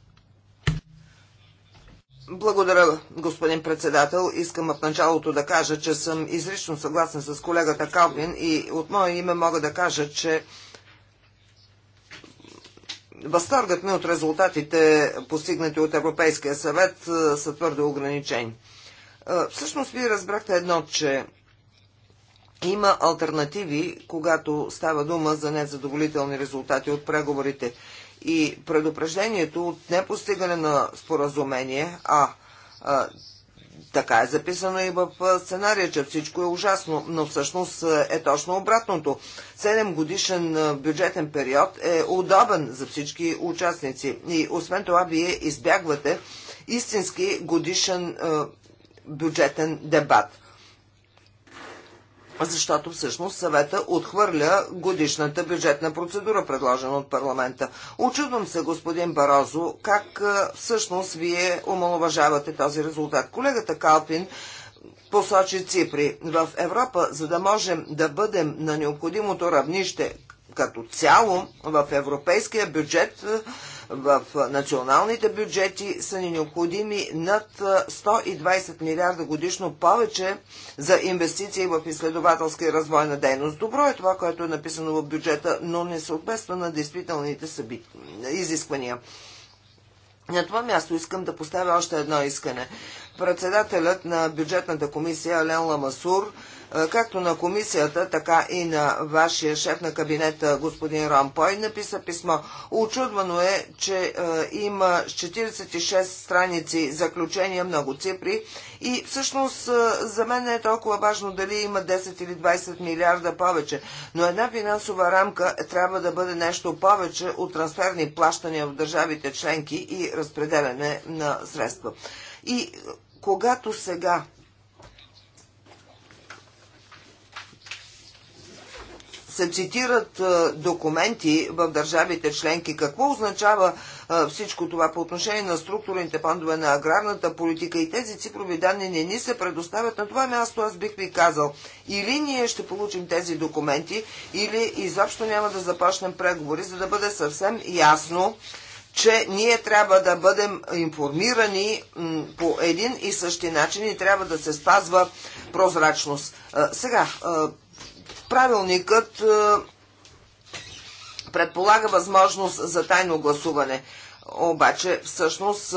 Благодаря, господин председател. Искам от началото да кажа, че съм изрично съгласен с колегата Калвин и от мое име мога да кажа, че възторгът ми от резултатите, постигнати от Европейския съвет, е, са твърде ограничени. Е, всъщност, вие разбрахте едно, че има альтернативи, когато става дума за незадоволителни резултати от преговорите и предупреждението от непостигане на споразумение, а, а така е записано и в сценария, че всичко е ужасно, но всъщност е точно обратното. Седем годишен бюджетен период е удобен за всички участници и освен това вие избягвате истински годишен бюджетен дебат защото всъщност съвета отхвърля годишната бюджетна процедура, предложена от парламента. Очудвам се, господин Барозо, как всъщност вие омалуважавате този резултат. Колегата Калпин посочи ципри В Европа, за да можем да бъдем на необходимото равнище като цяло в европейския бюджет, в националните бюджети са ни необходими над 120 милиарда годишно повече за инвестиции в изследователска и развойна дейност. Добро е това, което е написано в бюджета, но не съответства на действителните изисквания. На това място искам да поставя още едно искане. Председателят на бюджетната комисия Ален Ламасур, е, както на комисията, така и на вашия шеф на кабинета господин Рампой, написа писмо. Очудвано е, че е, има 46 страници заключения, много цифри и всъщност е, за мен не е толкова важно дали има 10 или 20 милиарда повече, но една финансова рамка трябва да бъде нещо повече от трансферни плащания в държавите членки и разпределяне на средства. И когато сега се цитират документи в държавите членки, какво означава всичко това по отношение на структурните фондове на аграрната политика и тези цифрови данни не ни се предоставят на това място, аз бих ви казал. Или ние ще получим тези документи, или изобщо няма да започнем преговори, за да бъде съвсем ясно че ние трябва да бъдем информирани по един и същи начин и трябва да се спазва прозрачност. Сега, правилникът предполага възможност за тайно гласуване. Обаче, всъщност,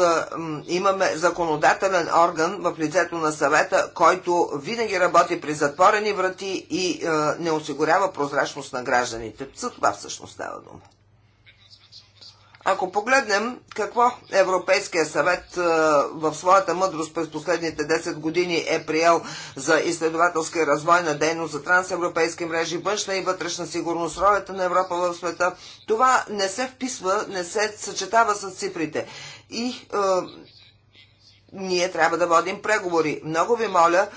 имаме законодателен орган в лицето на съвета, който винаги работи при затворени врати и не осигурява прозрачност на гражданите. За това всъщност става дума. Ако погледнем какво Европейския съвет е, в своята мъдрост през последните 10 години е приел за изследователска и развойна дейност за трансевропейски мрежи, външна и вътрешна сигурност, ролята на Европа в света, това не се вписва, не се съчетава с цифрите. И е, ние трябва да водим преговори. Много ви моля,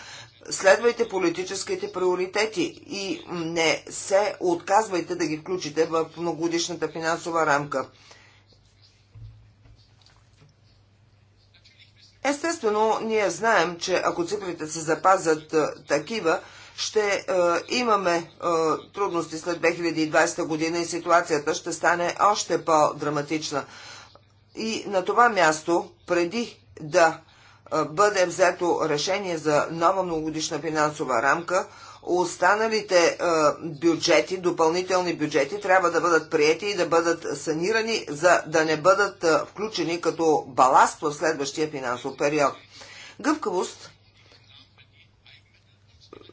следвайте политическите приоритети и не се отказвайте да ги включите в многогодишната финансова рамка. Естествено, ние знаем, че ако цифрите се запазят е, такива, ще е, имаме е, трудности след 2020 година и ситуацията ще стане още по-драматична. И на това място, преди да е, бъде взето решение за нова многогодишна финансова рамка, останалите бюджети, допълнителни бюджети, трябва да бъдат приети и да бъдат санирани, за да не бъдат включени като баласт в следващия финансов период. Гъвкавост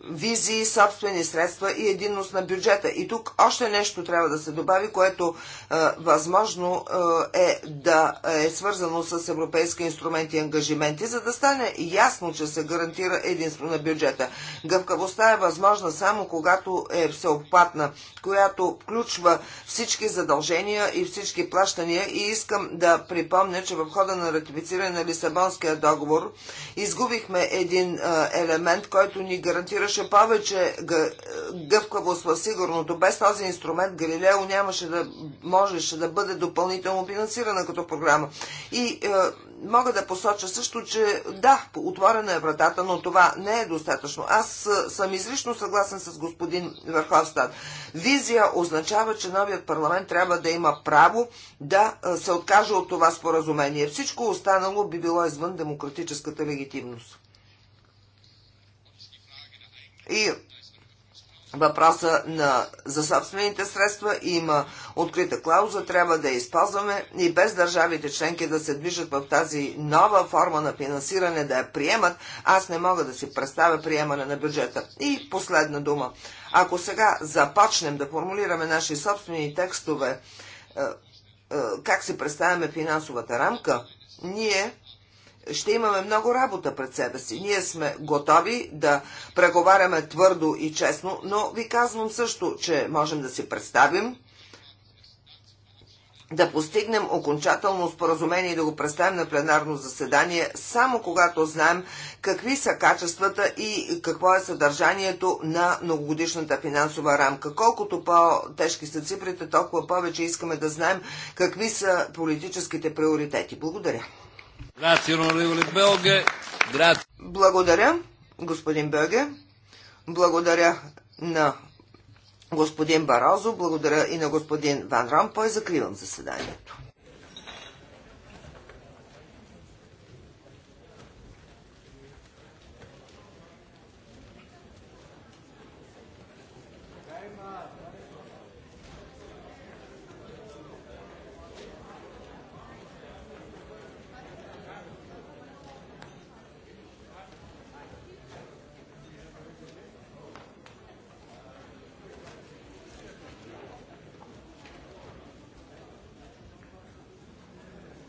визии, собствени средства и единност на бюджета. И тук още нещо трябва да се добави, което е, възможно е да е свързано с европейски инструменти и ангажименти, за да стане ясно, че се гарантира единство на бюджета. Гъвкавостта е възможна само когато е всеобхватна, която включва всички задължения и всички плащания и искам да припомня, че в хода на ратифициране на Лисабонския договор изгубихме един е, елемент, който ни гарантира беше повече гъвкавост в сигурното. Без този инструмент Галилео нямаше да можеше да бъде допълнително финансирана като програма. И е, мога да посоча също, че да, отворена е вратата, но това не е достатъчно. Аз е, съм излично съгласен с господин Върховстат. Визия означава, че новият парламент трябва да има право да е, се откаже от това споразумение. Всичко останало би било извън демократическата легитимност. И въпроса на, за собствените средства има открита клауза, трябва да я използваме и без държавите членки да се движат в тази нова форма на финансиране, да я приемат, аз не мога да си представя приемане на бюджета. И последна дума. Ако сега започнем да формулираме наши собствени текстове, е, е, как си представяме финансовата рамка, ние ще имаме много работа пред себе си. Ние сме готови да преговаряме твърдо и честно, но ви казвам също, че можем да си представим да постигнем окончателно споразумение и да го представим на пленарно заседание, само когато знаем какви са качествата и какво е съдържанието на многогодишната финансова рамка. Колкото по-тежки са цифрите, толкова повече искаме да знаем какви са политическите приоритети. Благодаря. Благодаря, господин Бълге. Благодаря на господин Барозо, благодаря и на господин Ван Рампой. Закривам заседанието.